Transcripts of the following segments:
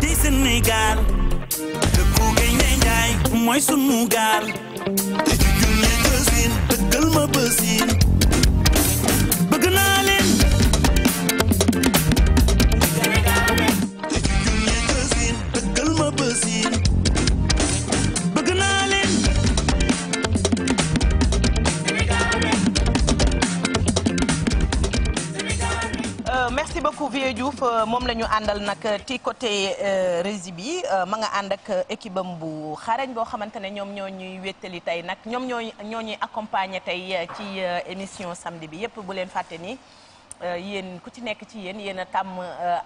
tey Sénégal dëkku Gaynde Njaay mooy sunu gaal te jujul ne jësin dëggal ma bësin Vieux Diouf euh, moom la ñu àndal nag ci côté euh, régie bi euh, ma nga ànd ak équipe bu xarañ boo xamante ne ñoom ñoo ñuy wéttali tey nag ñoom ñoo ñoo ñuy accompagner tey ci émission samedi bi yépp bu leen fàtte ni yéen ku ci nekk ci yéen yéen a tàmm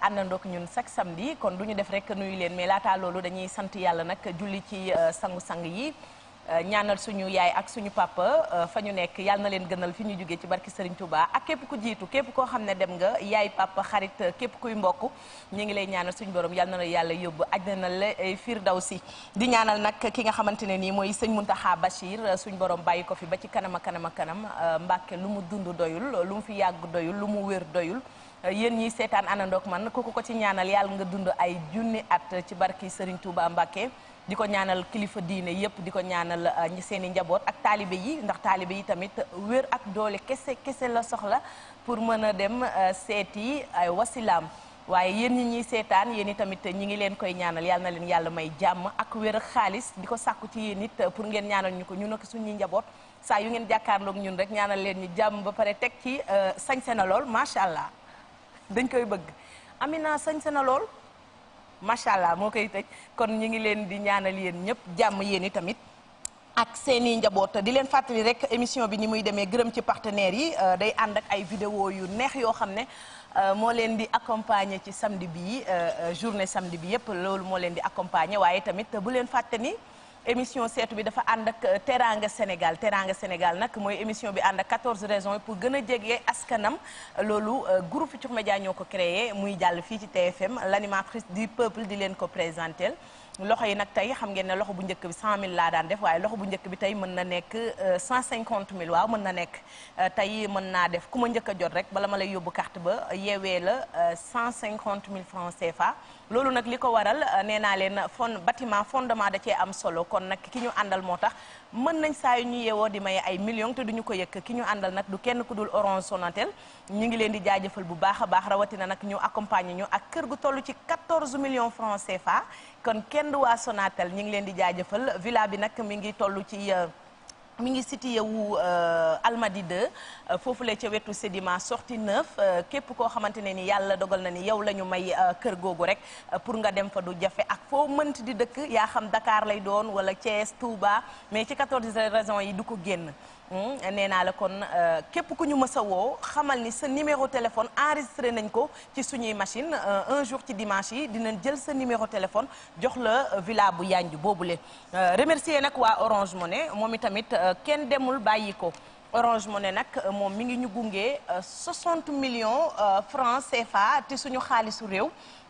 àndandook ñun chaque samedi kon du ñu def rek nuyu leen mais laata loolu dañuy sant yàlla nag julli ci sangu-sang yi. Euh, ñaanal suñu yaay ak suñu papa euh, fa ñu nekk yàlla na leen gënal fi ñu jógee ci barki Serigne Touba ak képp ku jiitu képp koo xam ne dem nga yaay papa xarit euh, képp kuy mbokk ñu ngi lay ñaanal suñ borom yàlla na la yàlla yóbbu àjjana la si di ñaanal nag ki nga xamante ne nii mooy sëñ Muntaxa Bachir suñu borom bàyyi ko fi ba ci kanam a kanam a Mbàkke lu mu dund doyul lu mu fi yàgg doyul lu mu wér doyul. yéen ñiy seetaan àndandoog man kooku ko ci ñaanal yàlla nga dund ay junni at ci barki Serigne Touba di ko ñaanal kilifa diine yépp di ko ñaanal euh, ñi seen i njaboot ak taalibe yi ndax taalibe yi tamit wér ak doole kese kese la soxla pour mën a dem euh, seeti ay wasilaam waaye yéen ñi ñuy seetaan yéen i tamit ñi ngi leen koy ñaanal yal na leen yàlla may jàmm ak wér ak xaalis di ko sàkku ci yéen it pour ngeen ñaanal ñu ko ñu nak suñuy njaboot saa yu ngeen jàkkaarloog ñun rek ñaanal leen ñu jàmm ba pare teg ci euh, sañse na lool macha allah dañ koy bëgg Amina sañse na lool. macha allah moo koy tëj kon ñu ngi leen di ñaanal yéen ñëpp jàmm yéen yi tamit ak seen i njaboot di leen fàttali rek émission bi ni muy demee gërëm ci partenaires yi euh, day ànd ak ay vidéo yu neex yoo xam ne euh, moo leen di accompagner ci samedi bi euh, journée samedi bi yëpp loolu moo leen di accompagner waaye tamit bu leen fàtte émission seetu bi dafa ànd ak euh, Teranga Sénégal teraanga Sénégal nag mooy émission bi ànd ak 14 raison pour gën a jege askanam loolu euh, groupe Futurs Médias ñoo ko créé muy jàll fii ci TFM l'animatrice du peuple di leen ko présentel loxo yi nag tey xam ngeen ne loxo bu njëkk bi mille laa daan def waaye loxo bu njëkk bi tey mën na nekk 150000 euh, waaw mën na nekk tey mën naa def ku ma njëkk a jot rek bala ma lay yóbbu carte ba yeewee la 150000 francs CFA. loolu nag li ko waral euh, nee naa leen fond bâtiment fondement da cee am solo kon nag ki ñu àndal moo tax mën nañ saa yu ñu yeewoo di may ay millions te duñu ko yëkk ki ñu àndal nag du kenn ku dul Orange Sonatel ñu ngi leen di jaajëfal bu baax a baax rawatina nag ñu accompagner ñu ak kër gu toll ci 14 millions francs CFA kon kenn du waa Sonatel ñu ngi leen di jaajëfal villa bi nag mi ngi tollu ci. Euh, mi ngi situé wu euh, Almadi euh, foofu foofule ca wetu Sédima sortie 9 euh, képp koo xamante ne ni yàlla dogal na ni yow la ñu may kër googu rek pour nga dem fa du jafe ak foo mënt di dëkk yaa xam Dakar lay doon wala Thiès Touba mais ci 14 régions yi du ko génn. Hmm? nee naa la kon euh, képp ku ñu mës woo xamal ni sa numéro téléphone en enregistré nañ ko ci suñuy machine euh, un jour ci dimanche yi dinañ jël sa numéro téléphone jox la euh, villa bu yanj boobule remercier nag waa Orange Money moom i tamit kenn demul bàyyi ko Orange ne nag euh, moom mi ngi ñu gunge 60 euh, millions euh, francs CFA te suñu xaalisu réew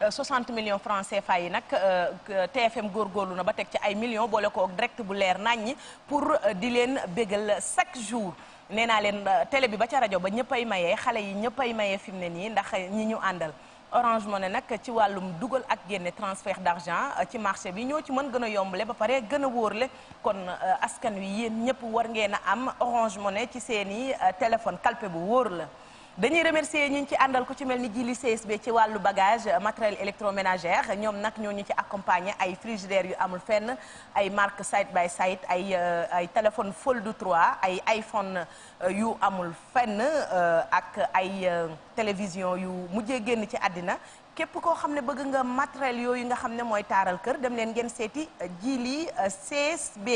60 millions francs CFA yi nag TFM góorlu na ba teg ci ay millions boole ko direct bu leer naññ pour di leen bégal chaque jour. nee naa leen tele bi ba ca rajo ba ñëppay maye xale yi ñëppay maye fi mu ne nii ndax ñi ñu àndal. Orange Money nag ci wàllum dugal ak génne transfert d'argent euh, ci marché bi ñoo ci mën gën a yombale ba pare gën a wóorle kon euh, askan wi yéen ñëpp war ngeen a am Orange Money ci seen i euh, téléphone kalpe bu wóor la dañuy remercier ñi ñu ci àndal ko ci mel ni jili CSB ci wàllu bagage matériel électroménager ñoom nag ñoo ñu ci accompagner ay frigidaire yu amul fenn ay marque side by side ay euh, ay téléphone fold 3 ay iPhone euh, yu amul fenn euh, ak ay télévision yu mujjee génn ci àddina képp koo xam ne bëgg nga matériel yooyu nga xam ne mooy taaral kër dem leen ngeen seeti jii jili CSB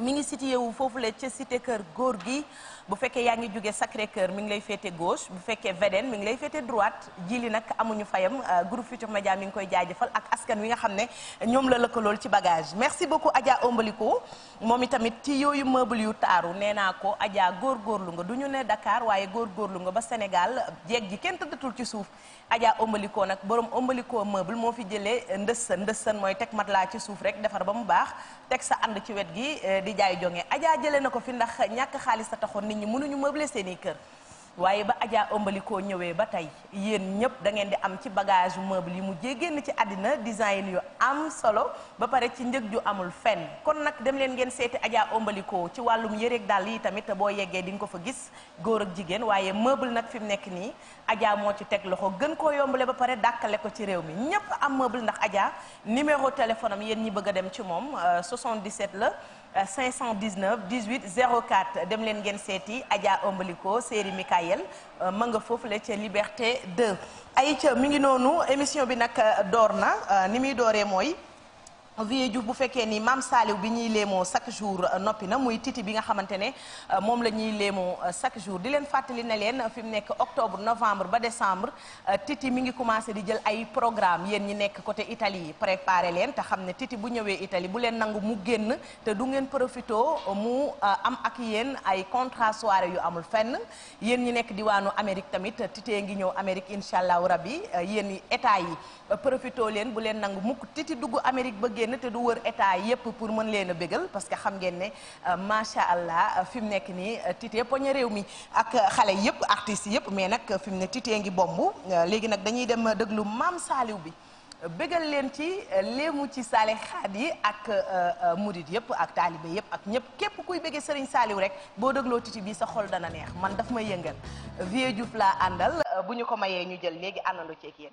mi ngi situé wu foofu la ca site kër góor gi bu fekkee yaa ngi jóge Sacré Cœur mi ngi lay féete gauche bu fekkee Védène mi ngi lay féete droite jili nag amuñu fayam euh, groupe Futurs Médias mi ngi koy jaajëfal ak askan wi nga xam ne ñoom la lëkkalool ci bagage merci beaucoup Adja Ombaliko moom itamit ci yooyu meuble yu taaru nee naa ko ajaa góor góor lu nga du ñu ne Dakar waaye góor góorgóorlu nga ba Sénégal jeeg ji kenn tëddatul ci suuf Adja ombalikoo nag borom ombalikoo meuble moo fi jëlee ndëssan ndëssan mooy teg mat laa ci suuf rek defar ba mu baax teg sa ànd ci wet gi euh, di jaay jonge Adja jëlee na ko fi ndax ñàkk xaalis a taxoon ñi mënuñu meubler seeni kër waaye ba ajaa Ombalikoo ñëwee ba tey yéen ñëpp da ngeen di am ci bagage meuble yi mu génn ci àddina design yu am solo ba pare ci njëg ju amul fenn kon nag dem leen ngeen seeti Adja Ombalikoo ci wàllum yëreeg dàll yi tamit boo yeggee di nga ko fa gis góor ak jigéen waaye meuble nag fi mu nekk nii ajaa moo ci teg loxo gën koo yombale ba pare dàkkale ko ci réew mi ñëpp am meuble ndax Adja numéro téléphone am yéen ñi bëgg a dem ci moom euh, 77 la. 519 18 04 dem leen ngeen seeti Adja Ombaliko série Mikael euh, ma nga foofu la ca Liberté 2 ay ca mi ngi noonu émission bi nag euh, door na euh, ni muy dooree mooy vie Diouf bu fekkee ni maam Saliou bi ñuy léemoo chaque jour euh, noppi na muy titi bi nga xamante ne euh, moom la ñuy léemoo euh, chaque jour di leen fàttali na leen fi mu nekk octobre novembre ba décembre titi mi ngi commencé di jël ay programme yéen ñi nekk côté Italie yi préparé leen te xam ne titi bu ñëwee Italie bu leen nangu mu génn te du ngeen profité mu am ak yéen ay contrat soirée yu amul fenn yéen ñi nekk diwaanu Amérique tamit titee ngi ñëw Amérique incha allahu rabbi yéen état yi profitoo leen bu leen nangu mukk titi dugg Amérique ba génn te du wër état yépp pour mën leen a bégal parce que xam ngeen ne euh, macha allah euh, fi mu nekk nii euh, titi poñe réew mi ak xale yépp artistes yépp mais nag fi mu ne titee ngi bomb léegi nag dañuy dem déglu maam saaliw bi bégal leen ci léemu ci saali xaat yi ak murit yëpp ak taalibe yëpp ak ñëpp képp kuy béggee Serigne Saliou rek boo dégloo titi bi sa xol dana neex man daf may yëngal Vieux Diouf laa àndal bu ñu ko mayee ñu jël léegi àndandoo ceeg yéen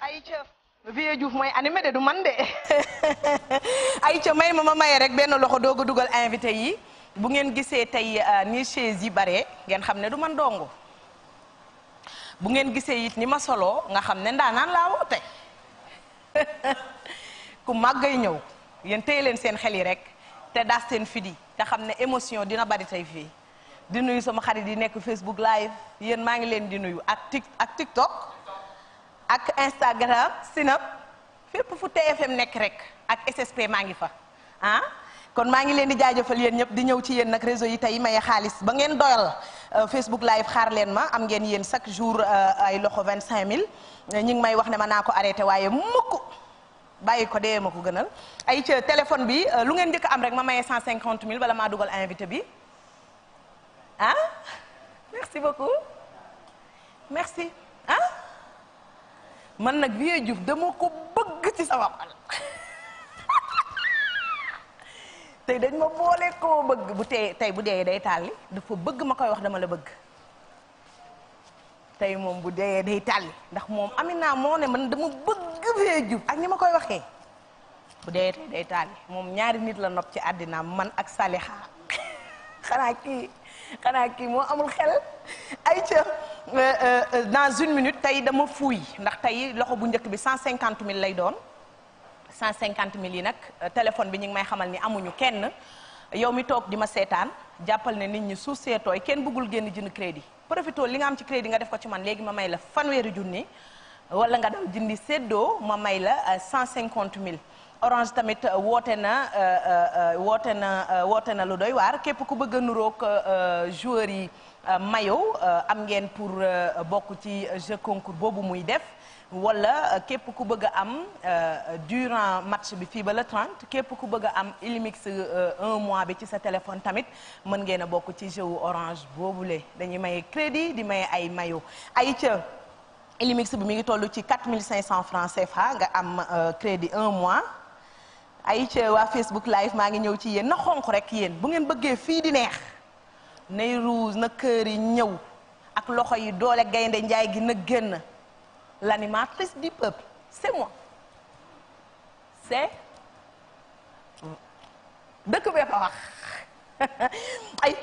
ay ca vieux mooy animé de du man de ay ca may ma ma maye rek benn loxo doog a dugal invité yi bu ngeen gisee tey euh, ni chaise yi bare ngeen xam ne du man dongo bu ngeen gisee it ni ma soloo nga xam ne ndaanaan laa woote ku màggay ñëw yéen téye leen seen xel yi rek te daas seen fidi te xam ne émotion dina bari tey fii di nuyu sama xarit yi nekk Facebook live yéen maa ngi leen di nuyu ak tik ak ak Instagram Sinap fépp fu TFM nekk rek ak SSP maa ngi fa ah kon maa ngi leen di jaajëfal yéen ñëpp di ñëw ci yéen nag réseau yi tey maye xaalis ba ngeen doyal euh, Facebook live xaar leen ma am ngeen yéen chaque jour euh, ay loxo 25000 euh, ñi ngi may wax ne ma naa ko arrêté waaye mukk bàyyi ko dee ma ko gënal ay ca téléphone bi lu ngeen njëkk am rek ma maye 150000 bala maa dugal invité bi ah merci beaucoup merci ah. man nag Vieux Diouf dama ko bëgg ci sama xol tey dañ ma boole koo bëgg bu tey tey bu dee day tàlli dafa bëgg ma koy wax dama la bëgg tey moom bu dee day tàlli ndax moom Amina moo ne man dama bëgg Vieux Diouf ak ni ma koy waxee bu dee tey day tàlli moom ñaari nit la nopp ci àddinaam man ak Saliha xanaa kii moo amul xel ay ca euh, euh, euh, dans une minute tey dama fuuy ndax tey loxo bu njëkk bi cent cinquante mille lay doon cent cinquante mille yi nag téléphone bi ñu ngi may xamal ni amuñu kenn yow mi toog di ma seetaan jàppal ne nit ñi suuf seetooy kenn bëggul génn jënd crédit profito li nga am ci crédit nga def ko ci man léegi ma may la fanweeri junni wala nga dal jëndi séddoo ma may la cent cinquante mille orange tamit euh, woote na euh, euh, woote na woote na lu doy waar képp ku bëgg a nuroog joueurs yi mayo am ngeen pour bokk ci jeu concours boobu muy def wala képp ku bëgg a am durant match bi fii ba le 30 képp ku bëgg a am Illimix un mois bi ci sa téléphone tamit mën ngeen a bokk ci jeu orange boobu le dañuy maye crédit di maye ay mayo ay ca Illimix bi mu ngi toll ci 4500 francs CFA nga am crédit un mois ay ci waa Facebook live maa ngi ñëw ci yéen na xonq rek yéen bu ngeen bëggee fii di neex nay rouge na kër yi ñëw ak loxo yi doole gaynde njaay gi na génn l'animatrice du peuple c'est moi c'est dëkk bee fa wax ay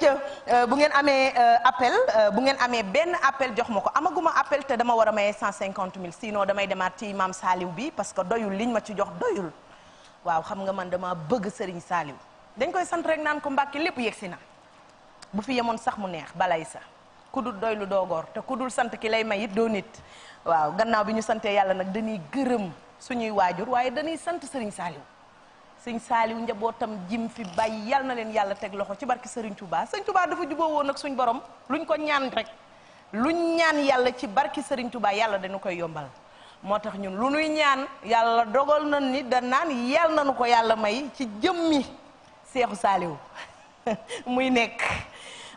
euh, bu ngeen amee euh, appel euh, bu ngeen amee benn appel jox ma ko amaguma appel te dama war a maye cent cinquante mille sinon damay demaat ci maam Saliou bi parce que doyul liñ ma ci jox doyul waaw xam nga man dama bëgg Serigne Saliou dañ koy sant rek naan ko Mbàkke lépp yegsi na bu fi yemoon sax mu neex balay sa ku dul doy lu doogoor te ku dul sant ki lay may it doo nit waaw gannaaw bi ñu santee yàlla nag dañuy gërëm suñuy waajur waaye dañuy sant Serigne Saliou sëñ Saliou njabootam jim fi bàyyi yal na leen yàlla teg loxo ci barki Serigne Touba sëñ tubaa dafa juboo woon ak suñ borom luñ ko ñaan rek luñ ñaan yàlla ci barki Serigne Touba yàlla dañu koy yombal moo tax ñun lu nuy ñaan yàlla dogal na ni da naan yal nañu ko yàlla may ci jëmmi seexu saaliw muy nekk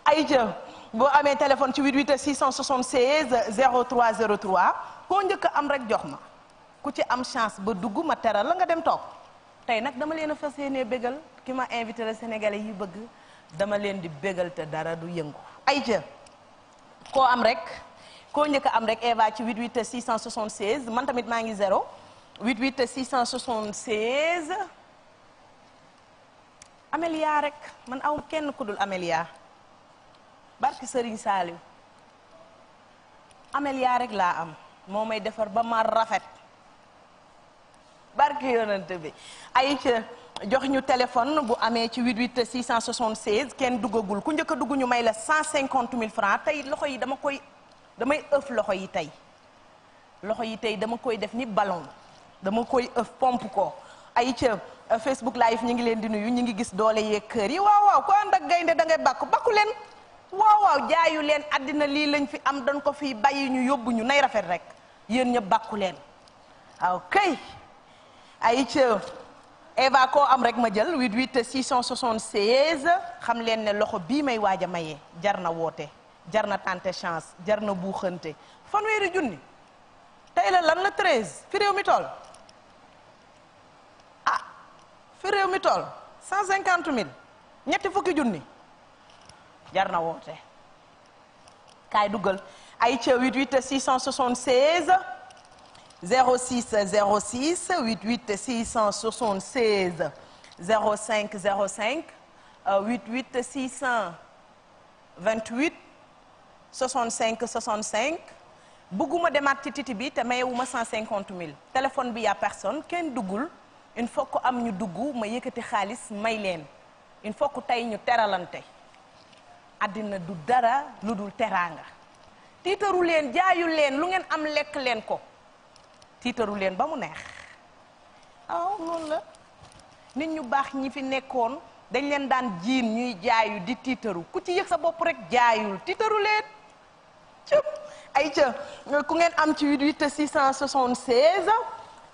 ayca boo amee téléphone ci 88 676 03 03 koo njëkk am rek jox ma ku ci am chance ba dugg ma teral la nga dem toog tey nag dama leen a fas yéenee bégal ki ma invité la sénégalais yi bëgg dama leen di bégal te dara du yëngu ayca koo am rek koo njëkk am rek Eva ci 88 676 man tamit maa ngi 0 88 676 Amélia rek man aw kenn ku dul Amélia barki Serigne rek laa am moo may defar ba ma rafet barki yonante bi ay jox ñu téléphone bu amee ci 88 676 kenn duggagul ku njëkk dugg ñu may la 150 000 francs tey loxo yi dama koy damay ëf loxo yi tey loxo yi tey dama koy def ni ballon dama koy ëf pompe ko ay ca euh, Facebook live ñu ngi leen di nuyu ñu ngi gis doole yeeg kër yi waaw waaw ko ànd ak gaynde dangay ngay bàkku bàkku leen waaw waaw jaayu leen àddina lii lañ fi am dañ ko fi bàyyi ñu yóbbu ñu nay rafet rek yéen ñëpp bàkku leen waaw kay ay ca Eva koo am rek ma jël 88 676 xam leen ne loxo bii may waaj a maye jar na woote jar na tante chance jar na buuxante fanweeri junni tey la lan la treize fi réew mi toll ah fi réew mi toll cent cinquante mille ñetti fukki junni jar na woote kaay duggal ay ca 88 676 06 06 88 676 05 05 88 628 65 65 bëgguma demaat ci titi bi te mayewuma 150 000 téléphone bi y'a personne kenn duggul il faut que am ñu dugg ma yëkkati xaalis may leen il faut que tey ñu teralante àddina du dara lu dul teraanga tiitaru leen jaayu leen lu ngeen am lekk leen ko tiitaru leen ba mu neex aw ah, loolu la nit ñu baax ñi fi nekkoon dañ leen daan jiin ñuy jaayu di tiitaru ku ci yëg sa bopp rek jaayul tiitaru leen ayca ku ngeen am ci 88 676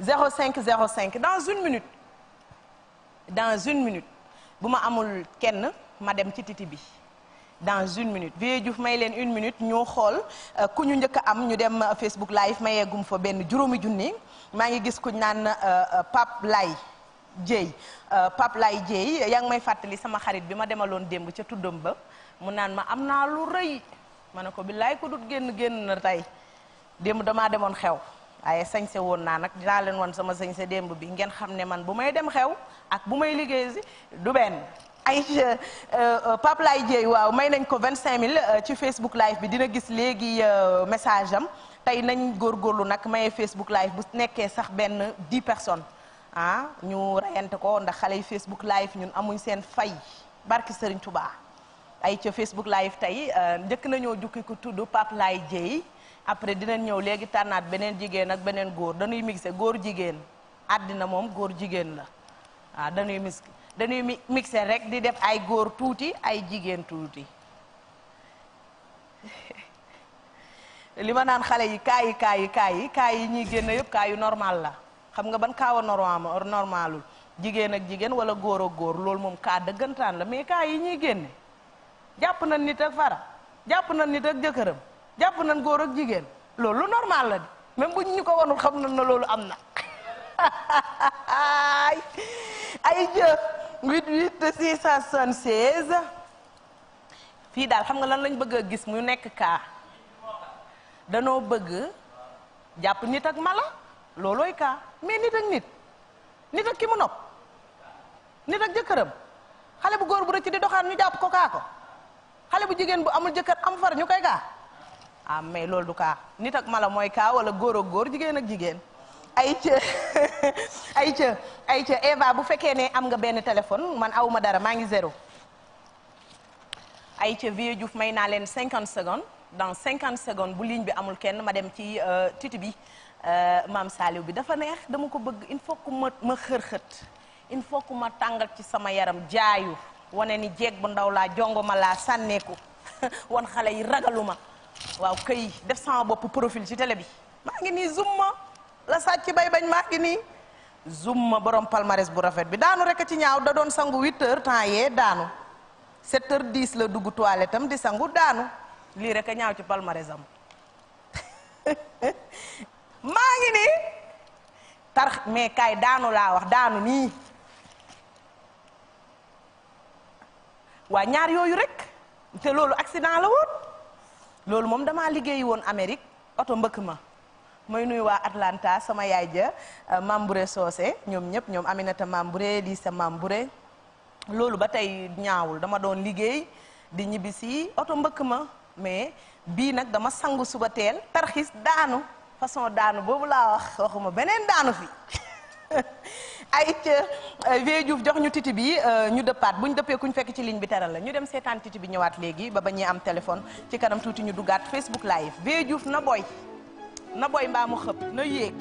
05 05 dans une minute dans une minute bu ma amul kenn ma dem ci titi bi dans une minute Vieux Diouf may leen une minute ñoo xool euh, ku ñu njëkk am ñu dem euh, Facebook live ma yeggum fa benn juróomi junni maa ngi gis ku ñu naan euh, Pape Laye Dieye pap Laye Dieye yaa ngi may fàttali sama xarit bi ma demaloon démb ca tuddam ba mu naan ma am naa lu rëy. ma ne ko billaay ko du génn génn na tey démb damaa demoon xew waaye sañse woon naa nag dinaa leen woon sama sañse démb bi ngeen xam ne man bu may dem xew ak bu may liggéey si du benn ay euh, euh, Pape Laye waaw may nañ ko mille euh, ci Facebook live bi dina gis léegi message am tey nañ góor góorgóorlu nag maye Facebook live bu nekkee sax benn 10 personnes ah ñu reyante ko ndax xale yi Facebook live ñun amuñ seen fay barki Serigne Touba. ay ca Facebook live tey euh, njëkk nañoo jukki ku tudd Pape Laye Dieye après dinañ ñëw léegi tànnaat beneen jigéen ak beneen góor danuy mixé góor jigéen àddina moom góor jigéen la waaw ah, dañuy mix dañuy mixé rek di def ay góor tuuti ay jigéen tuuti li ma naan xale yi kaa yi kaa yi kaa yi ñuy génn yëpp kaa yu normal la xam nga ban kaawa normal jigéen ak jigéen wala góor ak góor loolu moom kaa dëggantaan la mais kaa yi ñuy génne jàpp nañ nit ak fara jàpp nañ nit ak jëkkëram jàpp nañ góor ak jigéen loolu lu normal la di même bu ñu ko wanul xam nañ na loolu am na ay jë 88 676 fii daal xam nga lan lañ bëgg a gis mu nekk kaa danoo bëgg jàpp nit ak mala loolooy kaa mais nit ak nit nit ak ki mu nopp nit ak jëkkëram xale bu góor bu rëcc di doxaan ñu jàpp ko kaa ko xale bu jigéen bu amul jëkkër am far ñu koy kaa ah mais loolu du kaa nit ak mala mooy kaa wala góor ak góor jigéen ak jigéen ay ca Eva bu fekkee ne am nga benn téléphone man awuma dara maa ngi zéro ay ca Vieux Diouf may naa leen cinquante secondes dans cinquante secondes bu ligne bi amul kenn ma dem ci euh, titi bi euh, maam Saliou bi dafa neex dama ko bëgg il faut que ma ma xërxët il faut que ma tàngal ci sama yaram jaayu wane ni jeeg bu ndaw laa jongo ma laa sànneeku wan xale yi ragaluma waaw këy def sama bopp profil ci télé bi maa ngi nii zumma la sàcc bay bañ maa ngi nii ma borom palmarès bu rafet bi daanu rek ci ñaaw da doon sangu 8 heures temps yee daanu 7 heures la dugg toilette tam di sangu daanu lii rek a ñaaw ci palmarès am maa ngi nii tar mais kaay daanu laa wax daanu nii waa ñaar yooyu rek te loolu accident la woon loolu moom damaa liggéey woon Amérique oto mbëkk ma mooy nuyu waa Atlanta sama yaay ja euh, Mambouré Socé ñoom ñëpp ñoom Aminata Mambouré Lisa Mambouré loolu ba tey ñaawul dama doon liggéey di ñibbisi oto mbëkk ma mais bii nag dama sangu suba teel tarxis daanu façon daanu boobu laa wax waxuma beneen daanu fi ayca eh, Vieux Diouf jox ñu titi bi eh, ñu dëppaat bu ñu dëppee ku ñu fekk ci ligne bi teral la ñu dem seetaan titi bi ñëwaat léegi ba ba ñuy am téléphone ci kanam tuuti ñu duggaat Facebook live Vieux Diouf na boy na boy mbaamu mu na yéeg.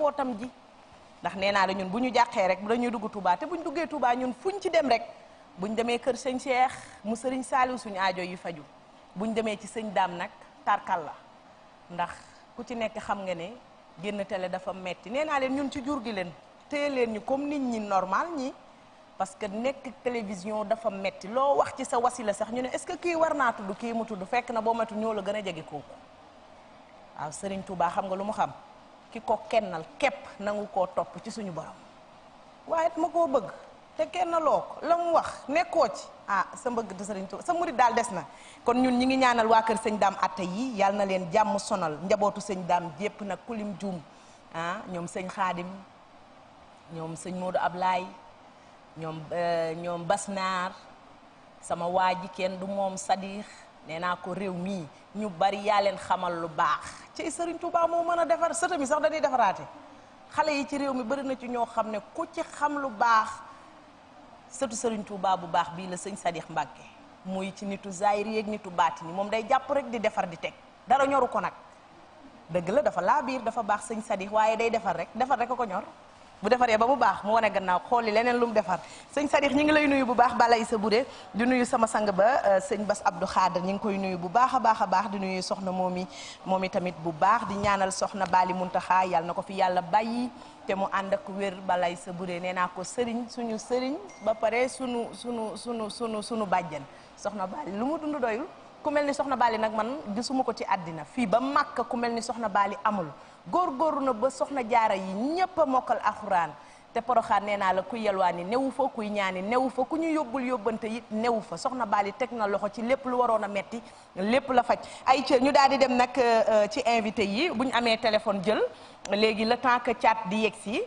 bootam ji ndax nee naa la ñun bu ñu jàqee rek dañuy dugg Touba te buñ duggee Touba ñun fuñ ci dem rek buñ demee kër sëñ Cheikh mu sëriñ Saaliw suñu aajo yi faju buñ demee ci sëñ daam nag tarkal la ndax ku ci nekk xam nga ne génn télé dafa metti nee naa leen ñun ci jur gi leen téye leen ñu comme nit ñi normal ñi parce que nekk télévision dafa metti loo wax ci sa la sax ñu ne est-ce que kii war naa tudd kii mu tudd fekk na boo matu ñoo la gën a jege kooku waaw sëriñ Touba xam nga lu mu xam ki ko kennal képp nangu koo topp ci suñu borom waaye ma koo bëgg te kennaloo ko la mu wax nekkoo ci ah sa mbëgg de sa murit daal des na kon ñun ñi ngi ñaanal waa kër sëñ daam atta yi yàlla na leen jàmm sonal njabootu sëñ daam jépp nag kulim juum ah ñoom sëñ xaadim ñoom sëñ Modou Ablaye ñoom eh, ñoom Basnaar sama waa ji du moom Sadix nee naa ko réew mii ñu bari yaa leen xamal lu baax ci sëriñ Touba moo mën a defar sëtam sax dañuy defaraate xale yi ci réew mi bari na ci ñoo xam ne ku ci xam lu baax sëriñ Serigne Touba bu baax bii la sëñ Sadikh Mbacke muy ci nitu zaahir yeeg nitu baatini moom day jàpp rek di defar di teg dara ñoru ko nag dëgg la dafa laa biir dafa baax sëñ Sadikh waaye day defar rek defar rek ko ñor bu defaree ba mu baax mu wane gannaaw xooli leneen lu mu defar sëñ Sadikh ñi ngi lay nuyu bu baax Bala Issa Bouré di nuyu sama sang ba euh, sëñ bas Abdou Khader ñi ngi koy nuyu bu baax a baax a baax di nuyu soxna moom i moom i tamit bu baax di ñaanal soxna Bali Muntaxa yàlla na ko fi yàlla bàyyi te mu ànd ak wér Bala Issa Bouré nee naa ko sëriñ suñu sëriñ ba pare suñu sunu sunu sunu suñu bàjjan soxna Bali lu mu dund doyul ku mel ni soxna baali nag man gisuma ko ci àddina fii ba màkk ku mel ni soxna Bali amul góor góorgóorlu na ba soxna jaara yi ñépp a mokkal alxuraan te poroxaan nee naa la kuy yelwaani newu foo kuy ñaani newu fa ku ñu yóbbul yóbbante it newu fa soxna Bali teg na loxo ci lépp lu waroon a metti lépp la faj ay cër ñu daal di dem nag euh, euh, ci invité yi bu ñu amee téléphone jël léegi la temps que chat di yegg si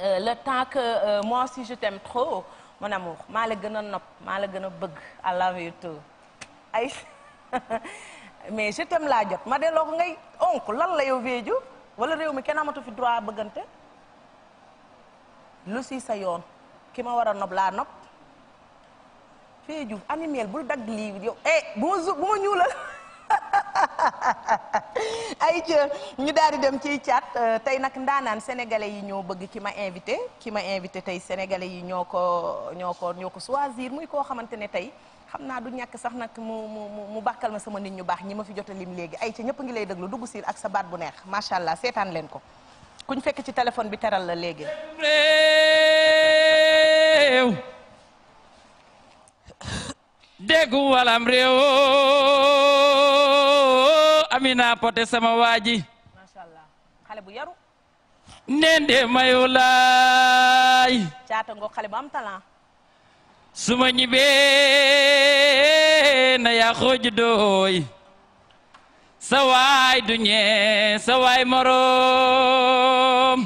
euh, le temps que moi si je t'aime trop mon amour maa la gën a nopp maa la gën a bëgg I love you ay mais je t'aime laa jot ma delloo ko ngay donc lan la yow weeju wala réew mi kenn amatu fi droit bëggante lu si sa yoon ki ma war a nob laa nob feeju animel bul dagg lii yow eh bu ma zu bu ma ñuulal ay ca ñu daal di dem ciy caat euh, tey nag ndaanaan sénégalais yi ñoo bëgg ki ma invité ki ma invité tey sénégalais yi ñoo ko ñoo ko ñoo ko choisir muy koo xamante ne tey xam naa du ñàkk sax nag mu mu mu bàkkal ma sama nit ñu baax ñi ma fi jot a lim léegi ay ca ñëpp ngi lay déglu dugg si ak sa baat bu neex macha allah seetaan leen ko kuñ fekk ci téléphone bi teral la léegi. réew déggu walam réew Amina Poté sama waa ji. macha allah xale bu yaru. nende mayu laay. caata ngoog xale bu am talent. su ma ñibbee na yaa xooj dooy sa du ñee sa moroom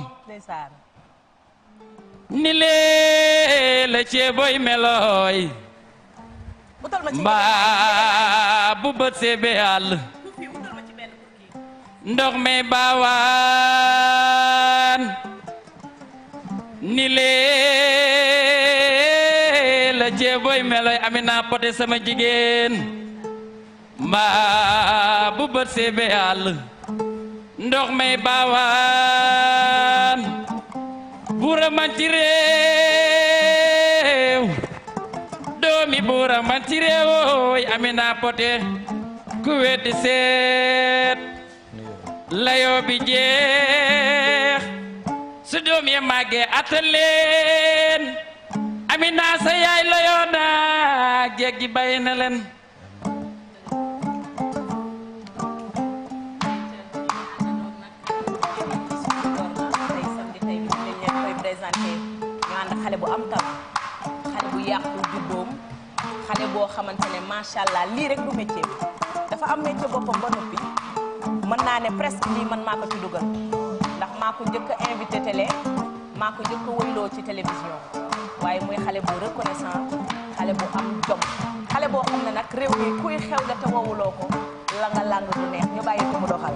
ni lee la ceeboy melooy mbaa bu bët seebee àll ndox mee baawaan gisee boy meloy Amina Poté sama jigéen mbaa bu bët see be àll ndox may baawaan buura man ci réew doomi buura man ci réew ooy Amina Poté ku weddi seet layoo bi jeex su doom ye màggee atal leen amina sa yaay layoo naa géej gi bàyyi na leen xale bu am tam xale bu yàqu juddoom xale boo xamante ne macha allah lii rek du métier bi dafa am métier boppam ba noppi mën naa ne presque lii man maa ko ci dugal ndax maa ko njëkk invité télé maa ko njëkk a ci télévision waaye muy xale bu reconnaissant xale bu am jom xale boo xam ne nag réew mi kuy xew la te wowuloo ko la nga làng du neex ñu bàyyi ko mu doxal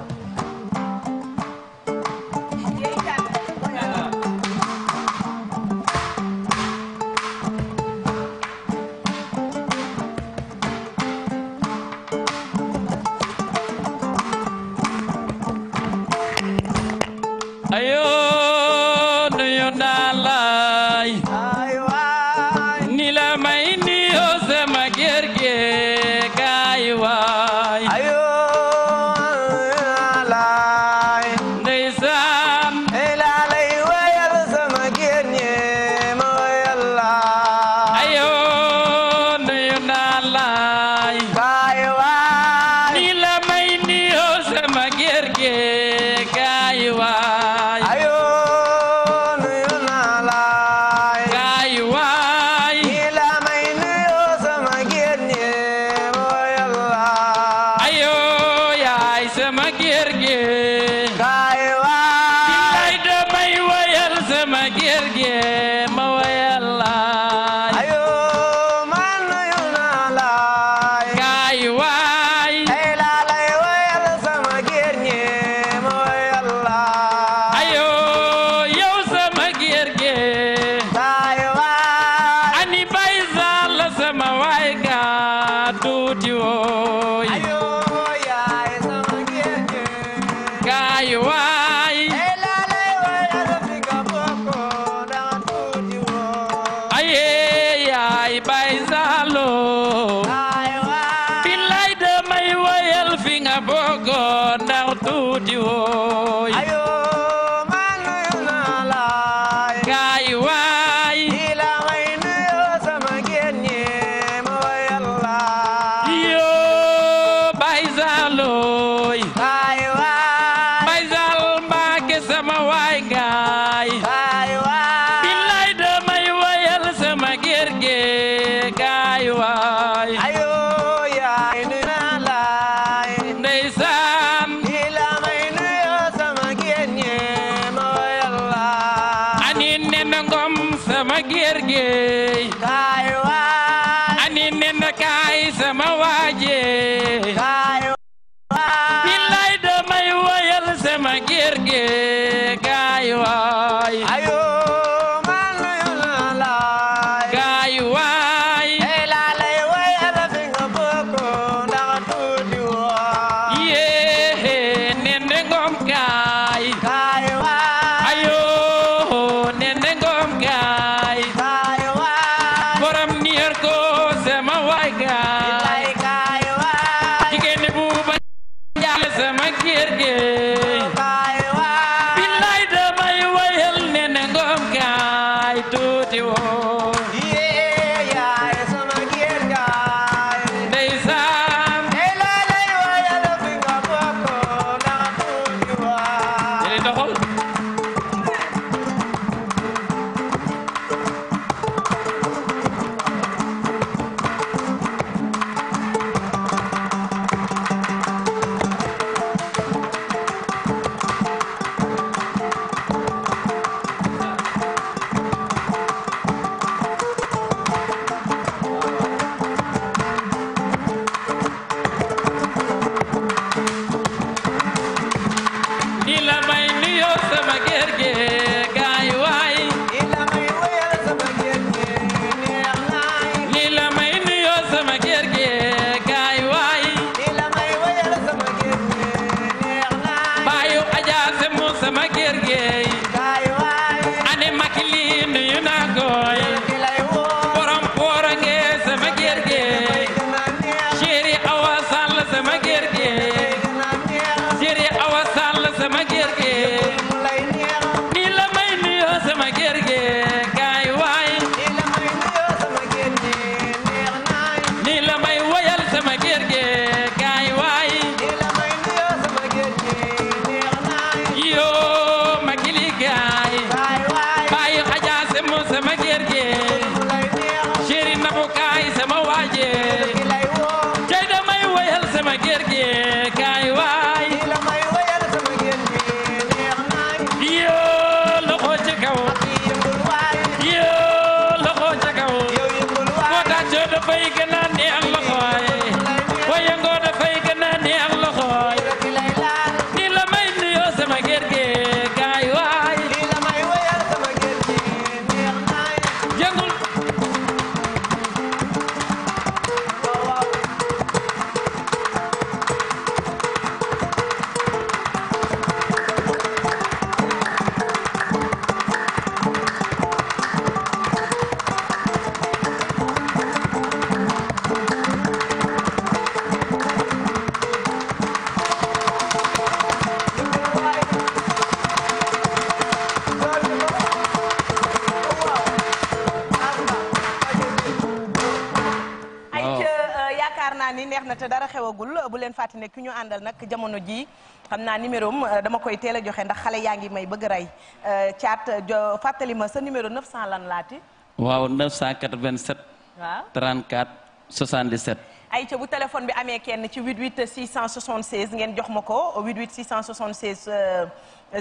naa numéro euh, dama koy teel a joxe ndax xale yaa ngi may bëgg rey euh, caat jo fàttali ma sa numéro 900 lan laati. waaw 987. waaw 34 77. ayca bu téléphone bi amee kenn ci 88 676 ngeen jox ma ko 88 676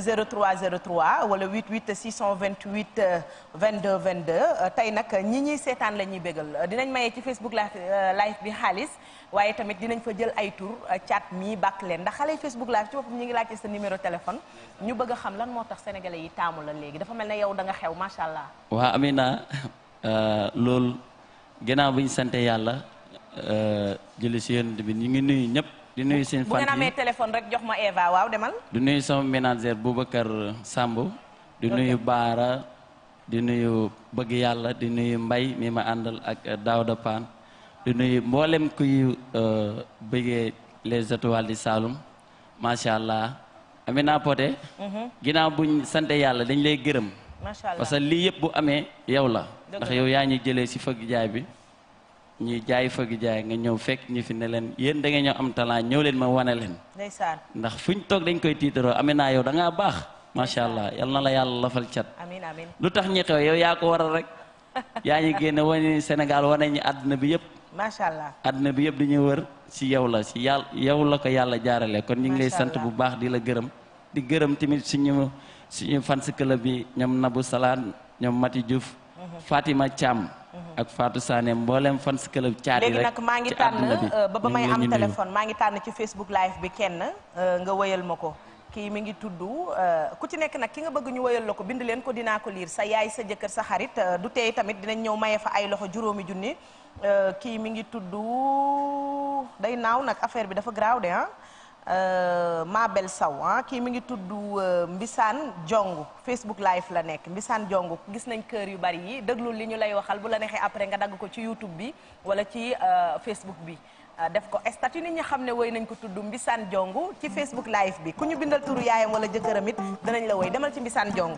03 03 wala 88 628 22 22 tey nag ñi ñuy seetaan la ñuy bégal euh, dinañ maye ci Facebook euh, live bi xaalis waaye tamit dinañ fa jël ay tur euh, chat mi bàkk leen ndax xale Facebook live ci boppam ñu ngi laajte sa numéro téléphone ñu bëgg xam lan moo tax sénégalais yi taamu la léegi dafa mel ne yow da nga xew macha allah. waa Amina loolu ginnaaw bi ñu sant yàlla. Euh, jëli si yéen bi ñu ngi nuyu ñëpp. di nuyu seen fan bu ngeen amee téléphone rek jox ma Eva waaw demal. di nuyu sama ménagère Boubacar Samb. di nuyu Baara di nuyu Bëgg Yàlla di nuyu Mbay mi ma àndal ak Daouda Paan di nuyu mboolem kuy euh, bëggee les étoiles di Saloum macha allah. Amina Poté. Mhm. ginnaaw buñ sant yàlla dañ lay gërëm. macha parce que lii yëpp bu amee yow la. ndax yow yaa ñuy jëlee si fëgg jaay bi. ñuy jaay fëgg jaay nga ñëw fekk ñu fi ne leen yéen da ngeen ñoo am talent ñëw leen ma wane leen. ndeysaan ndax fuñ toog dañ koy tiitaroo amee naa yow da baax. macha allah yal na la yàlla lafal cat. amiin amiin lu tax ñi xew yow yaa ko waral rek. yaa ñu génne wane Sénégal wane ñi àdduna bi yëpp. macha allah àdduna bi yëpp dañuy wër si yow la si yàlla yow la ko yàlla jaarale kon ñu ngi lay sant bu baax di la gërëm. di gërëm tamit suñu suñu fans club bi ñoom nabu Salaan ñoom Mati Diouf Fatima Thiam. ak Fatou Sané mboolem fans club caati rek léegi maa ngi tànn euh, ba ba may am téléphone maa ngi tànn ci Facebook live bi kenn euh, nga wëyal ma ko kii mi ngi tudd euh, ku ci nekk nag ki nga bëgg ñu wëyal la ko bind leen ko dinaa ko liir sa yaay sa jëkkër sa xarit du tey tamit dinañ ñëw maye fa ay loxo juróomi junni kii mi ngi tudd day naaw nag affaire bi dafa graaw de ah. Euh, maabel Saw ah kii mi ngi tudd euh, Mbisaan Jong Facebook live la nekk Mbisaan Jong gis nañ kër yu bari yi déglu li ñu lay waxal bu la neexee après nga dagg ko ci YouTube bi wala ci euh, Facebook bi def ko statut nit ña xam ne woy nañ ko tudd Mbisaan Jong ci Facebook live bi ku ñu bindal turu yaayam wala jëkkëram it danañ la woy demal ci Mbisaan Jong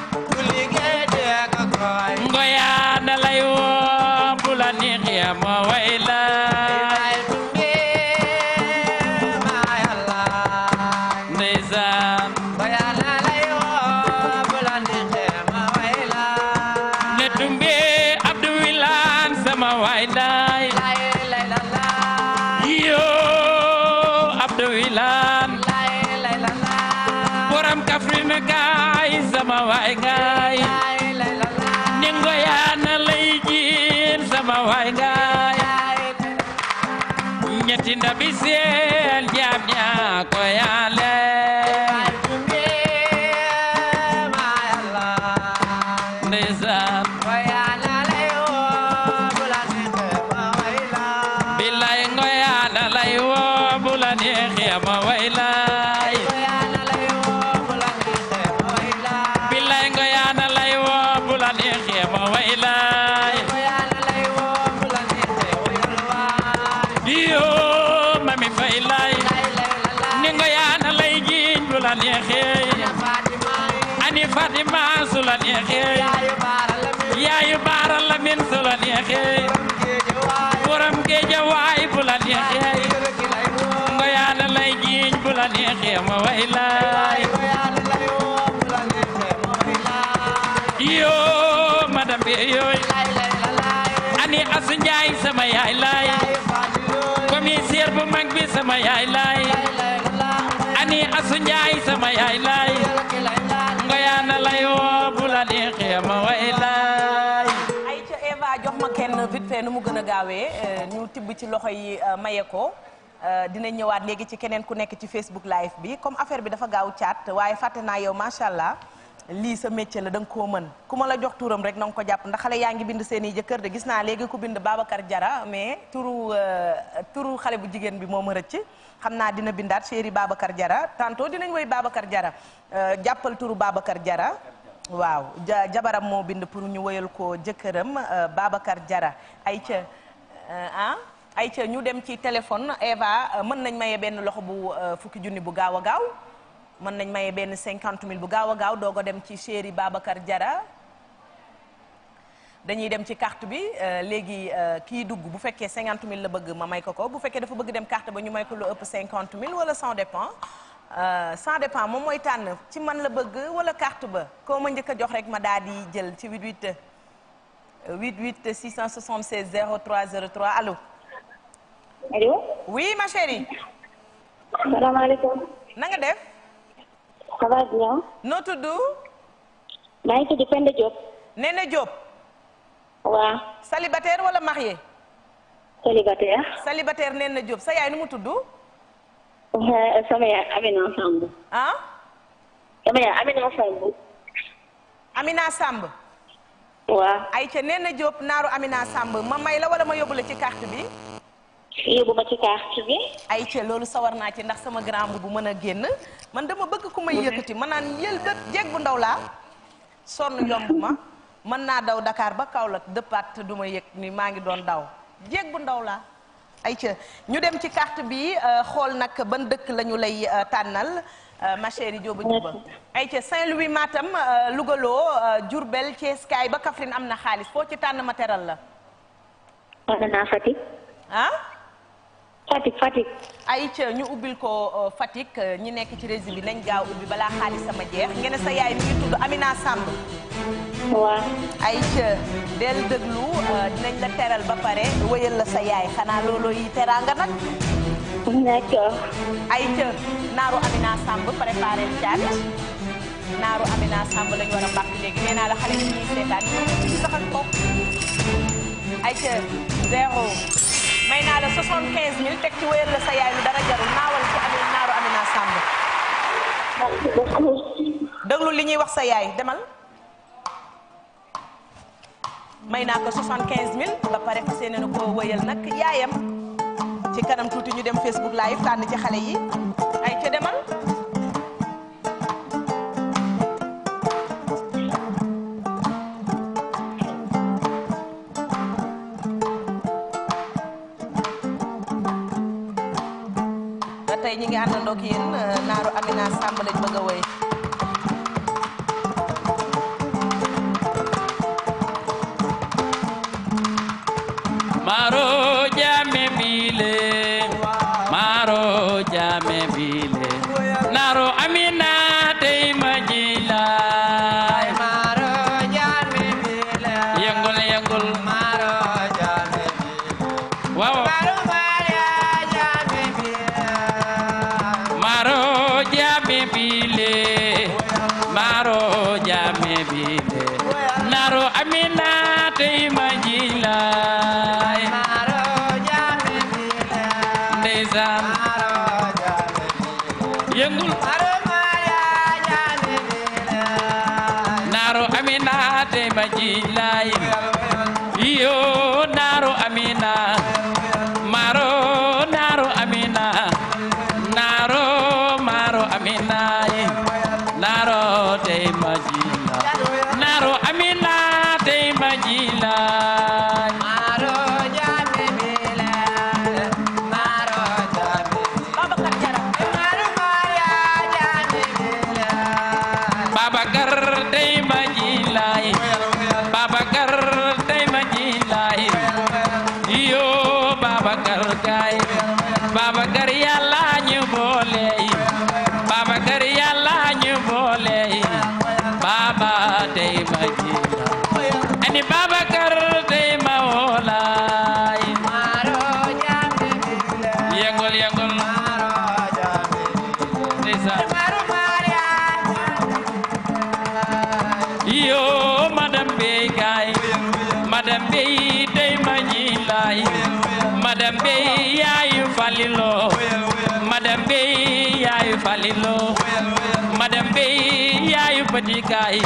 Manda Bizier. yaay laay ngoyaana la neexee ma way laay ay ca Eva jox ma kenn vite fait nu mu gën a gaawee euh, ñu tibb ci loxo yi euh, maye ko euh, dinañ ñëwaat léegi ci keneen ku nekk ci Facebook live bi comme affaire bi dafa gaaw caat waaye fàtte naa yow macha allah. lii sa métier la da nga koo mën ku ma la jox turam rek na ko jàpp ndax xale yaa ngi bind seeni i jëkkër de gis naa léegi ko bind Babacar Jara mais turu euh, turu xale bu jigéen bi moo moom rëcc xam naa dina bind bindaat chéri Babacar Jara tantôt dinañ woy Babacar Jara euh, jàppal turu Babacar Jara waaw jabaram moo bind pour ñu woyal ko jëkkëram euh, Babacar Jara ay ca ah, ñu dem ci téléphone Eva mën nañ maye benn loxo bu fukki junni bu gaaw a gaaw mën nañ maye benn cinquante mille bu gaaw a gaaw doo ko dem ci chéri Babacar Diarra dañuy dem ci carte bi euh, léegi euh, kii dugg bu fekkee cinquante mille la bëgg ma may ko ko bu fekkee dafa bëgg dem carte ba ñu may ko lu ëpp cinquante mille wala sans dépend sans euh, dépend moom mooy tànn ci man la bëgg wala carte ba koo ma njëkk a jox rek ma daa di jël ci 88 88 676 03 03 allo. allo. oui ma chérie. salaamaaleykum. na def. ça noo tudd. maa ngi tudd Penda Diop. Néné Diop. waaw. célibataire wala marié. célibataire. célibataire Néné Diop sa yaay nu mu tudd. Eh, sama yaay Amina sàmb ah. sama yaay Amina Samb. Amina Samb. waaw. ayca Néné naaru Amina Samb ma may la wala ma yóbbu la ci carte bi. yóbbu ma ci quartier bi. ay ca loolu sawar naa ci ndax sama grand bu mën a génn man dama bëgg ku may yëkkati ma naan yël bët jeeg bu ndaw laa sonn yomb ma mën naa daw dakaar ba Kaolack dëppaat duma du ma yëg ni maa ngi doon daw jeeg bu ndaw laa. ay ca ñu dem ci carte bi euh, xool nag ban dëkk lañu lay euh, tànnal euh, ma chérie Jóoba Jóoba ay ca Saint-Louis Matam Louga loo Diourbel Kaay ba Kaffrine am na xaalis foo ci tànn ma teral la. ah. Fatick Fatick. Aïcha ñu ubbil ko euh, Fatick euh, ñi nekk ci réseau bi nañ gaaw ubbi balaa xaalis sama jeex ngeen sa yaay mi ngi tudd Amina Samb. waaw. Aïcha del déglu euh, dinañ la teral ba pare wéyal la sa yaay xanaa looloo yi teraanga nag. d'accord. naaru Amina Samb préparé caat naaru Amina Samb lañ war a bàq léegi nee la xale yi ñuy seetaan ñu ngi sax may naa la 75000 teg ci wéer la sa yaay lu dara jarul naawal ci amee naaru Amina Samb. déglu li ñuy wax sa yaay demal. may naa ko 75000 ba pare fas yéene na koo wëyal yaayam ci kanam tuuti ñu dem Facebook live tànn ci xale yi ay ca demal. ñi ngi àndandoo ak yéen euh, naaru Amina Samb lañ bëgg a woy gaay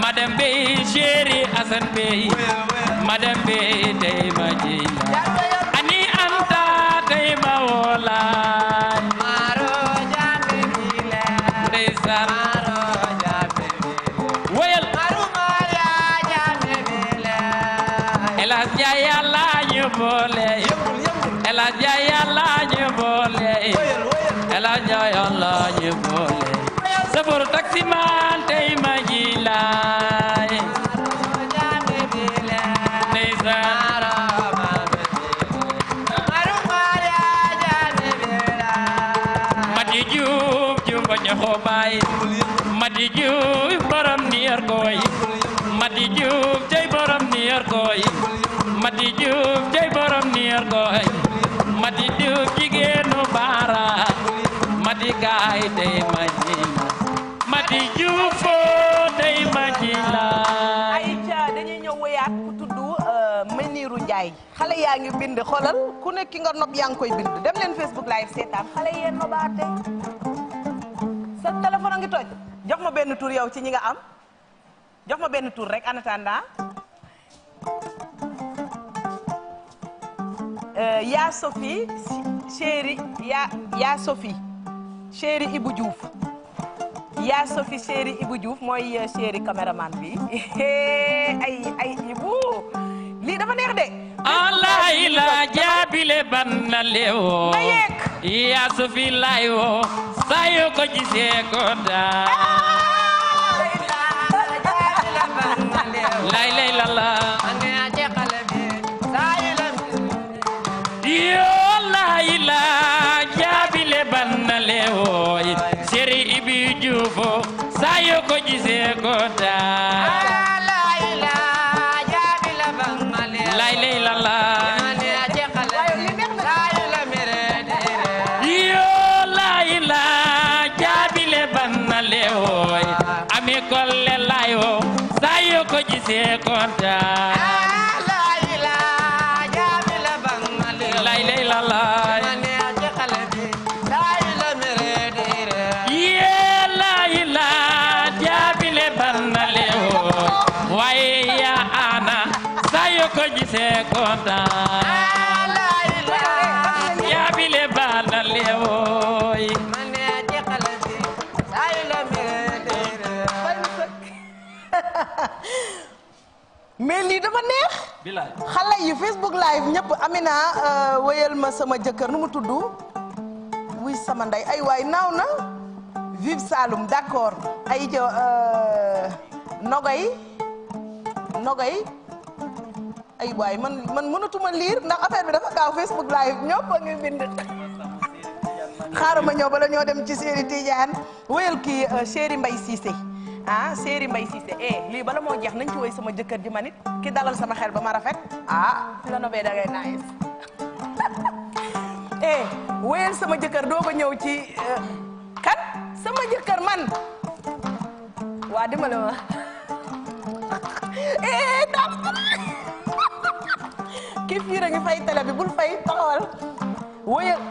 madame bey chéri Assane bey madame bey tey ma ji Diouf borom ni yor koy Mati Diouf jey borom ni yor koy Mati Diouf jey borom ni yor koy Mati Diouf jigéenu baara Mati kaay tey ma ji la Mati Diouf foo tey ma ji la Aïcha dañuy ñëw wéyaat ku tudd euh, Maniru Njaay xale yaa ngi bind xoolal ku nekk nga nopp yaa ngi koy bind dem Facebook live seetaan xale yee nobaate sa téléphone ngi toj jox ma benn tur yow ci ñi nga am jox ma benn tur rek en attendant euh, yaa Sophie chéri yaa yaa Sophie chéri Ibou Diouf yaa Sophie chéri Ibou Diouf mooy euh, chéri caméraman bi ay ay Ibou lii dafa neex de. alaay la jaabile ban na leewoo yaasu fi laay woo saa yoo ko gisee ko daa lay lay la la yoo laay la jaabile ban na leewoo seri ibi juufoo saa yoo ko gisee ko daa mais lii dama neex. xale yi Facebook live ñëpp Amina euh, wéyal ma sama jëkkër nu mu tudd. wuy sama ndey ay waay naaw na. vive Saloum d'accord ay jo euh, Nogay. Nogay. ay waay man man mënatuma lire ndax affaire bi dafa gaaw Facebook live ñëpp a ngi bind. xaaral ma ñëw bala ñoo dem ci Série Tidiane wéyal kii euh, Chéri Mbaye Cissé. ah séeri mbay Cissé eh lii bala moo jeex nañ ci woy sama jëkkër ji manit ki dalal sama xel ba ma rafet ah la nobee da ngay naayis eh sama jëkkër doo ko ñëw ci eh, kan sama jëkkër man waa dimbale ma eh tam ki fii ngi fay télé bi bul fay taxawal wéyal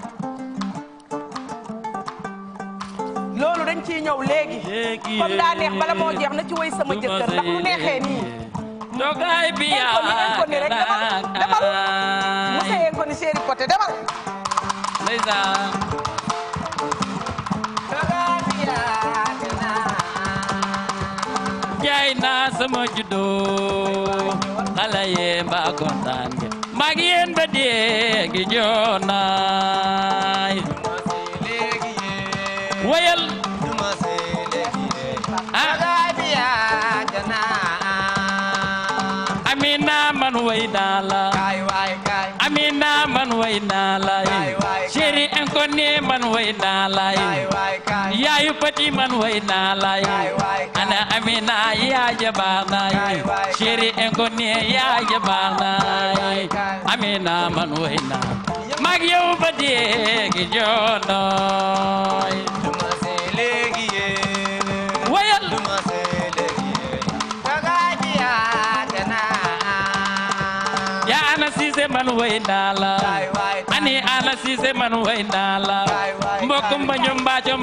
dañ ci ñëw léegi comme daa neex bala moo jeex na ci woy sama jëkkër ndax lu neexee nii dogaay bi yaa ko ni rek demal demal yee mbaa kontaan maa ngi yéen ba dee gi joonaay wayal way naa la amina man way naa la chéri inconnu man way naa la yaayu petit man way naa la ana amina yaaja baax na chéri inconnu yaaja baax na amina man way naa mag yow ba déegi joonoy Cissé man way naa la ani ana Cissé man way naa la mbokkum ba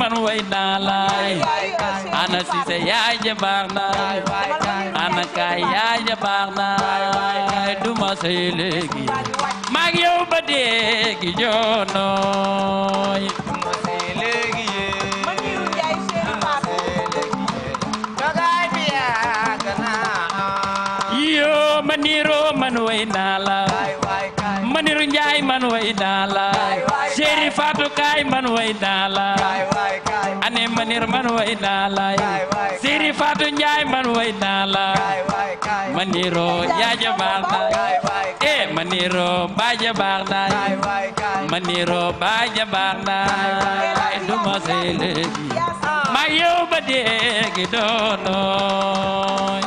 man way naa ana Cissé yaay ja baax na ana kaay yaay ja baax na duma sey léegi maag yow ba déegi joonooy man way naa la man way naa la chéri Fatou kaay man way naa la ane manir man way naa la chéri Fatou Njaay man way naa la maniro yaaja baax na e maniro baaja baax na maniro baaja baax na e du ma sey léegi ma yow ba dégg doonoy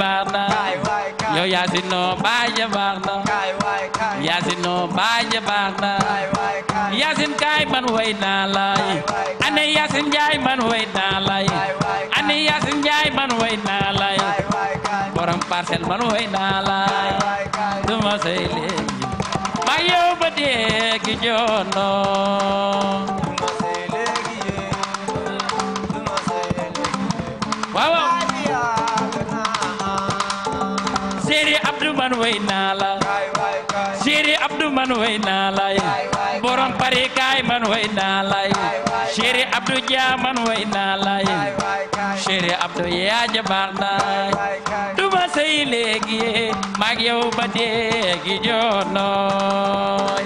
baax na yow Yacine baaje baax na Yacine baaje baax na Yacine kaay man way naa la ane Yacine Njaay man way naa la ane Yacine Njaay man way naa la borom parcelle man way naa la duma sey léegi ma yow ba dee ki joono waaw waaw man way naa la Chéri Abdou man way naa la borom pari kaay man way naa la Chéri Abdou Dia man way naa la Chéri Abdou yaa ja baax na duma sey léegi mag yow ba déegi joonooy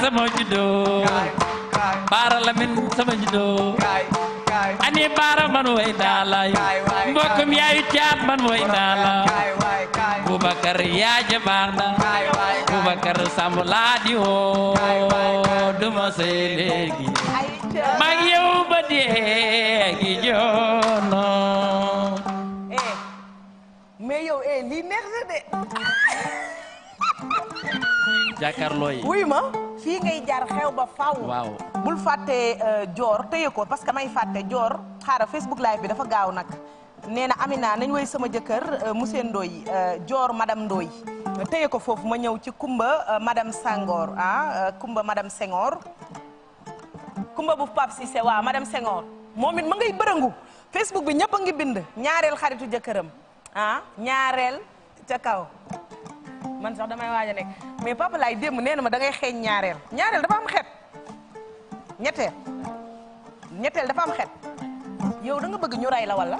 sama juddoo baara lamin sama juddoo ani baara man way naa la mbokkum yaayu caat man way naa la Boubacar yaaja baax na Boubacar di woo duma sey léegi maa ngi yow ba déegi joono eh, mais yow eh jàkkaarloo yi wuy ma fii ngay jaar xew ba faw bul fàtte joor euh, téye ko parce que may fàtte joor xaaral Facebook live bi dafa gaaw nag nee na Amina nañ woy sama jëkkër mu euh, monsieur Ndoye joor euh, madam Ndoye téye ko foofu ma ñëw ci Kumba madame Senghor ah Kumba madame Senghor Kumba bu Pape Cissé waaw madame Senghor moom it ma ngay bërëngu Facebook bi ñëpp a ngi bind ñaareel xaritu jëkkëram ah ñaareel ca kaw man sax damay waaj a nekk mais papa laay mu nee na ma da ngay xeeñ ñaareel ñaareel dafa am xet ñetteel ñetteel dafa am xet yow da nga bëgg ñu ray la walla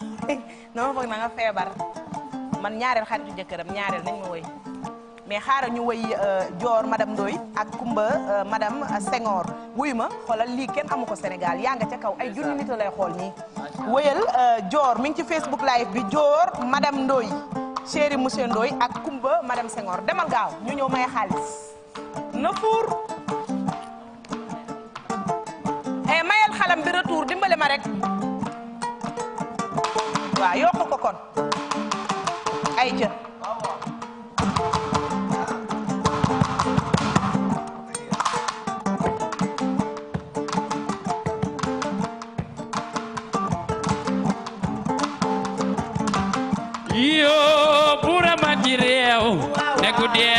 dama foog na nga feebar man ñaareel xaritu jëkkëram ñaareel nañ ma woy mais xaaral ñu woy Dior euh, madame Ndoye ak Kumba euh, madame euh, Senghor wuyu ma xoolal lii kenn amu ko Sénégal yaa nga ca kaw ay junni nit lay xool nii. woyal joor mi ngi ci Facebook live bi Dior madame Ndoye chéri monsieur Ndoye ak Kumba madame Senghor demal gaaw ñu ñëw may xaalis na e mayal xalam bi retour dimbale ma rek waaw yokk ko kon ay ca yo buura ma ji ne ku dee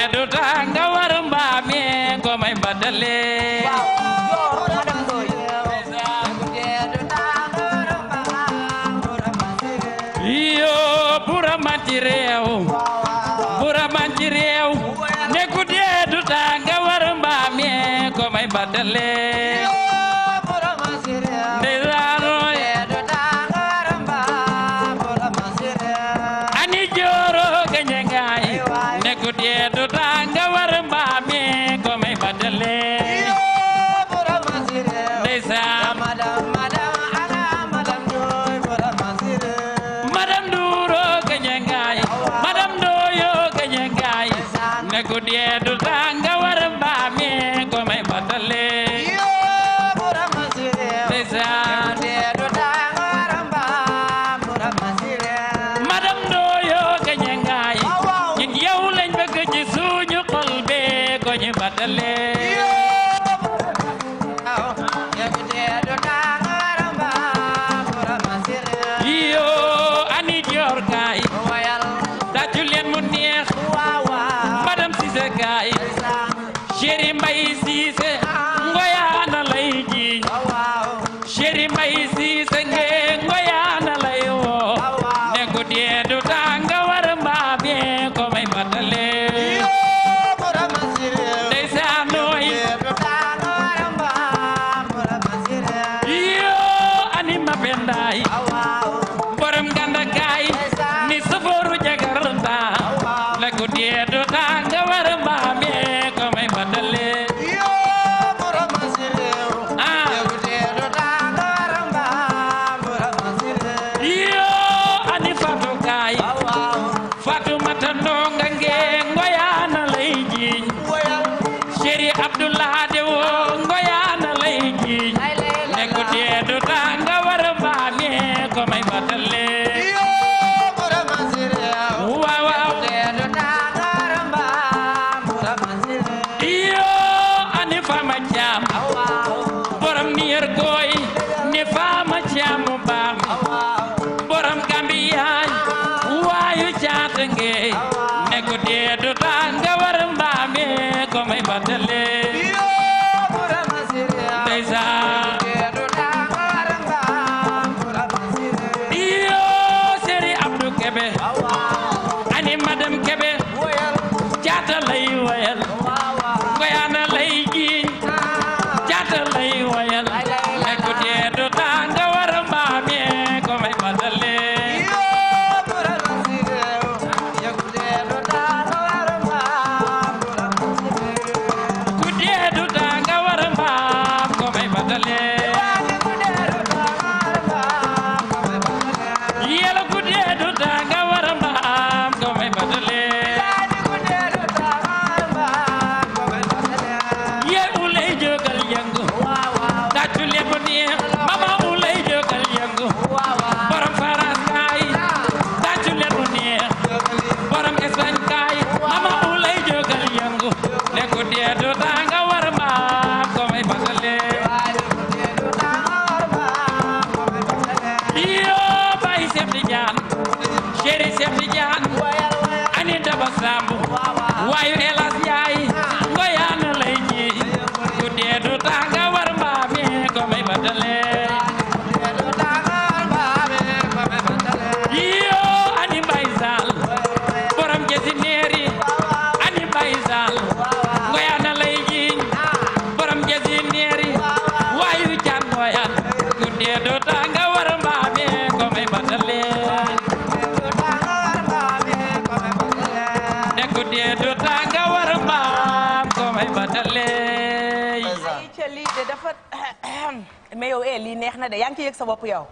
na de yaa ngi ci yëg sa bopp yow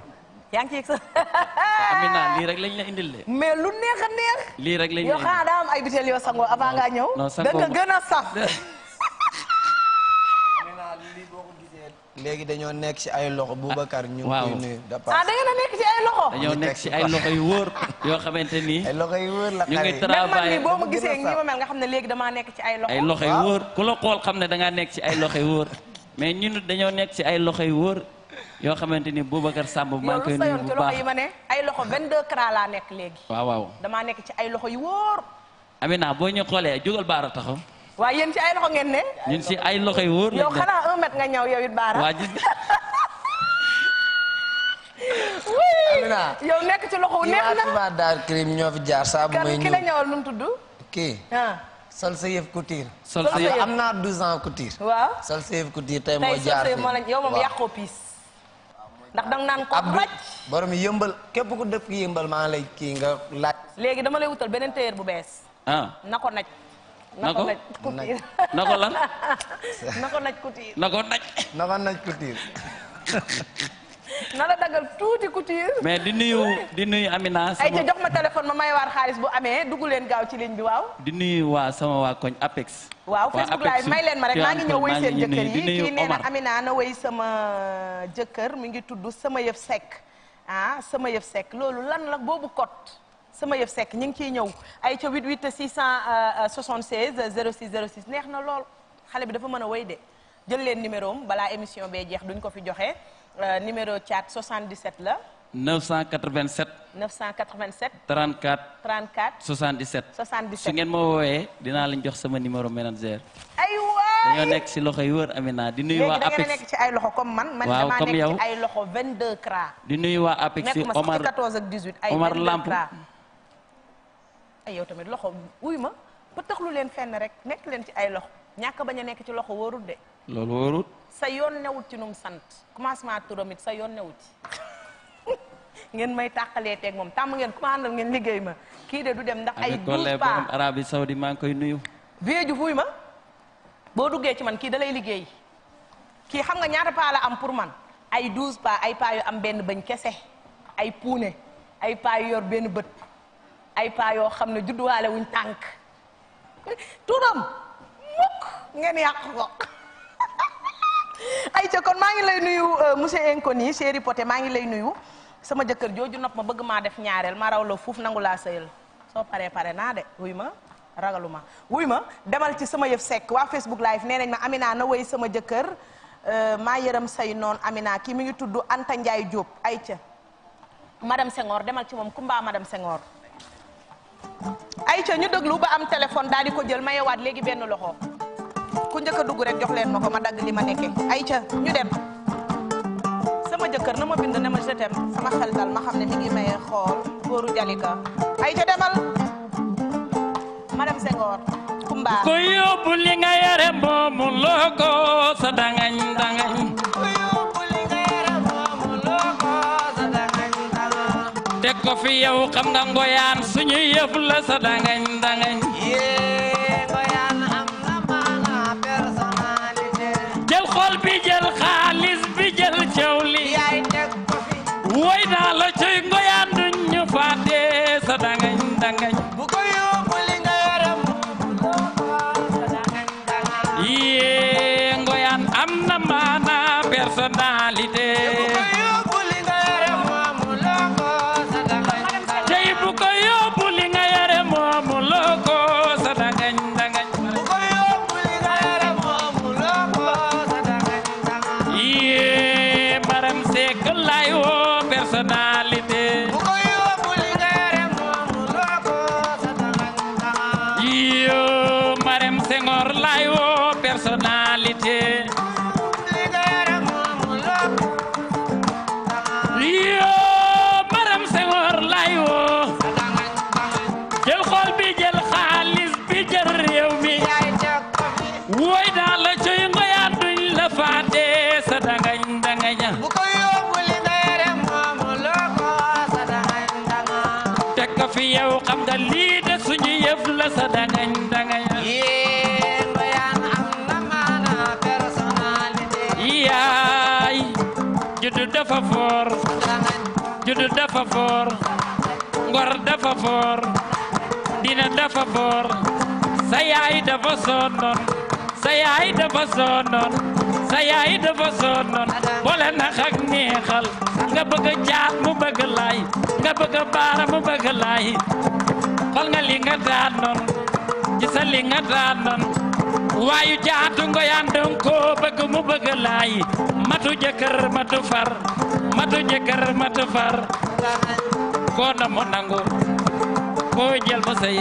yaa ngi yëg sa. Ah, Amina lii rek lañ la indil de. mais lu neex neex. lii rek lañ la indil yoo xanaa daa am ay biteel yoo da nga gën saf. léegi dañoo nekk ci ay loxo Boubacar ñu ah, ah, nekk ci ay loxo. dañoo nekk ci ay loxo yu wóor. yoo xamante ni ay yu wóor la xale yi ñu xam ne léegi damaa nekk ci ay loxo. loxo yu wóor xool xam ne dangaa nekk ci ay loxo yu wóor mais ñun dañoo nekk ci ay loxo yu wóor. yoo xamante ni Boubacar Samb maa ngi koy nuyu bu baax yow lu sayoon ci loxo yi ma ne ay loxo 22 CRA laa nekk léegi. waaw waaw damaa nekk ci ay loxo yu wóor. Amina boo ñu xoolee jógal baara taxaw. waa yéen ci ay loxo ngeen ne. ñun ci ay loxo yu wóor. yow xanaa 1 mètre nga ñëw yow it baara. waa gis yow nekk ci loxo wu neex na Ibrahima daal crime ñoo fi jaar saabu bu may ñëw ki la ñëwal nu tudd. kii. yëf couture. sol moom yàqoo piis ndax dang naan ko raj borom yëmbal képp ku dëkk yëmbal maa ngi kii nga laaj léegi dama lay wutal beneen téyeer bu bees ah na ko naj na ko naj coutire na ko lan na ko naj coutire na la dagal tuuti couture. mais di nuyu di nuyu Amina. sama ay jox ma téléphone ma may waar xaalis bu amee dugg leen gaaw ci ligne bi waaw. di nuyu waa sama waa koñ Apex. waaw Facebook live may leen ma rek maa ngi ñëw wéy seen jëkkër yi kii nee na Amina na wéy sama euh, jëkkër mi ngi tudd sama yëf sekk ah sama yëf sekk loolu lan la boobu kot. sama yëf sekk ñu ngi ciy ñëw ay ca 88 676 06 06 neex na lool xale bi dafa mën a woy de jël leen numéro balaa émission bee jeex duñ ko fi joxe. Euh, numéro chat 77 la. 987. 987. 34. 34. 77. 77 su ngeen ma woowee dinaa leen jox sama numéro manager. dañoo nekk ci loxo yi wër Amina di nuyu waa APEX ci ay loxo comme man. man damaa nekk ci ay loxo 22 CRA. di nuyu waa APEX ci Omar nekkuma 14 ak 18 ay 22 Lamp. ay yow tamit loxo wuy ma ba tax lu leen fenn rek nekk leen ci ay loxo ñàkk bañ a nekk ci loxo wóorut de. loolu wóorut. sa yoon newut ci num sant commencement turam sa yoon newul ci ngeen may tàqalee teg moom tàmm ngeen ku ma liggéey ma kii de du dem ndax ay douze pas am Arabie Saoudi maa ngi koy nuyu ju fuy ma boo duggee ci man kii dalay liggéey kii xam nga ñaata paa am pour man ay douze pas ay paa yu am benn bañ kese ay puune ay paa yor benn bët ay paa yoo xam ne judd judduwaale wuñ tànk turam mukk ngeen yàq ko ay ca kon maa ngi lay nuyu euh, monsieur Inconnu chéri Poté maa ngi lay nuyu sama jëkkër jooju nopp ma bëgg maa def ñaareel ma raw la fuuf nangu laa sëyal soo paree pare naa de wuy ma ragalu ma wuy ma demal ci sama yëf sekk waa Facebook live nee nañ ma Amina na woy sama jëkkër euh, maa yërëm say noon Amina kii mi ngi tudd Anta Ndiaye Diop ayca madame Senghor demal ci moom Kumba madame Senghor ayca ñu déglu ba am téléphone daal di ko jël mayewaat léegi benn loxo ku njëkk a dugg rek jox leen ma ko ma dagg li ma nekkee ay ca ñu dem sama jëkkër na ma bind ne ma je t'aime sama xel dal ma xam ne mi ngi may xool góoru Jalika ay ca demal madame Senghor Kumba ku yóbbu li nga yore moomu loo ko sa dangañ dangañ teg ko fi yow xam nga ngoyaan suñu yëf la sa dangañ dangañ teraanga def la sa dangañ dangañ yéen bayaan am na maanaa personnalité yaay juddu dafa foor juddu dafa foor ngor dafa foor foor sa yaay dafa sonnoon sa yaay dafa sonnoon sa yaay boole nax ak neexal nga bëgg jaat mu bëgg laay nga bëgg baara mu bëgg laay fal nga li nga daanoon gisa li nga daanoon waayu jaatu nga yandon koo bëgg mu bëgg laay matu jëkkër matu far matu jëkkër matu far koo na nangu koo jël mu sey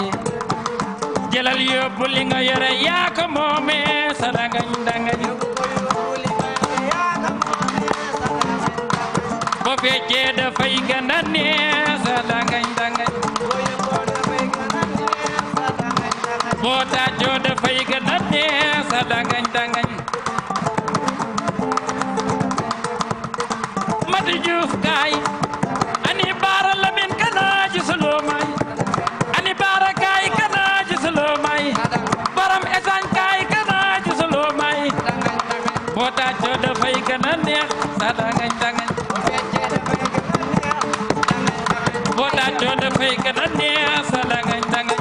jëlal yóbbu li nga yore yaa ko moomee sa dangañ dangañ boo fekkee dafay gën a neex dana neex sa dangañ dangañ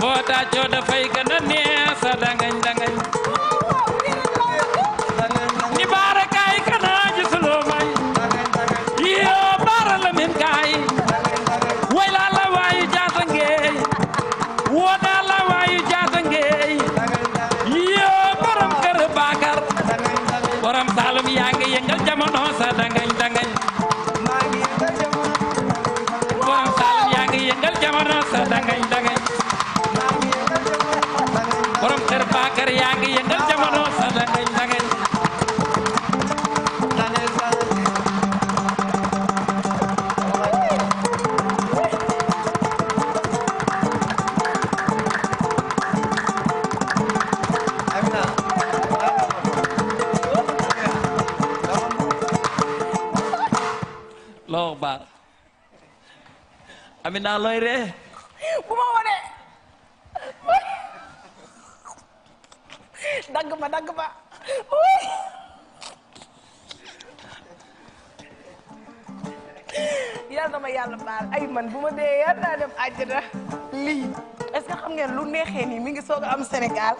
boo tàccoo dafay gën a neex sa dangañ daa looy ree bu ma wonee dagg ma dagg ma yal na ma yàlla baal ay man bu ma dee yal naa dem àjjana lii est-ce xam ngeen lu neexee nii mi ngi soog am Sénégal.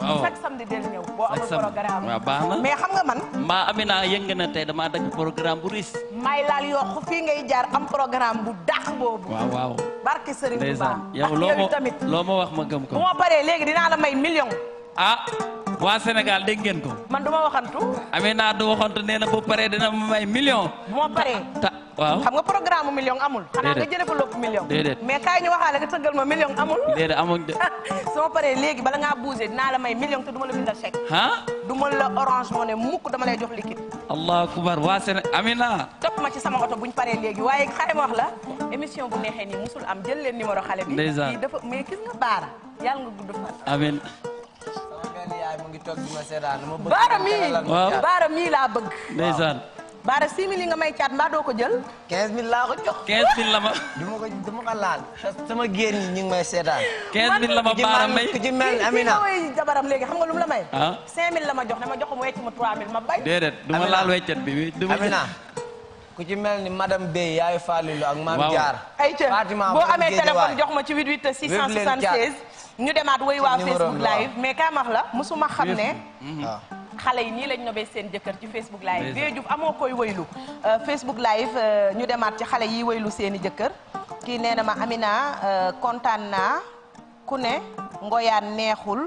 waaw chaque samedi del ñëw. boo amul programme waaw baax na mais xam nga man. mbaa Amina yëng na tey damaa dagg programme bu riis may laal yokku fii ngay jaar am programme bu dàq boobu. waaw waaw barke Serigne Touba. yow tamit loo ma wax ma gëm ko. bu ma paree léegi dinaa la may million. ah waa Sénégal dégg ngeen ko. man du ma waxantu. Amina du waxantu nee na bu paree dina may million. bu ma paree. waaw xam nga programme million amul. xanaa nga jëlee fa lépp million. mais kaay ñu waxaale nga tëggal ma million amul. déedéet amul de. bala ngaa bougé dinaa la may million te du ma la bindal chèque. ah du ma la orange moo mukk dama lay jox liquide. allahu akbar waa seen amina. topp ma ci sama oto buñ paree léegi waaye xare ma wax la émission bu neexee nii musul am jël leen numéro xale bi. ndeysaan kii dafa mais gis nga baara yàlla nga gudd fan. amiin. ngi toog di ma seetaan. baara mii laa bëgg. baara 6000 nga may caat mbaa doo ko jël. 15000 laa ko jox. la ma. du ko du ma ko laal. sama géer ñi ñu ngi may seetaan. la ma baara may ku ci mel Amina kii kii xam nga lu mu la may. ah 5000 la ma jox ne ma jox ko mu wecc ma 3000 ma bay. déedéet du ma laal weccat bi ma Amina. ku ci mel ni madame Bey yaay Fallilu ak maam Diar. ayca boo amee téléphone jox ma ci 88 676. ñu demaat woy waa Facebook live mais kaa max la musuma xam ne. Ah. xale yi nii lañ nobee seen jëkkër ci Facebook live Vieux Diouf amoo koy wëylu euh, Facebook live euh, ñu demaat ci xale yi wëylu seeni jëkkër kii nee na ma naa euh, kontaan naa ku ne ngoyaan neexul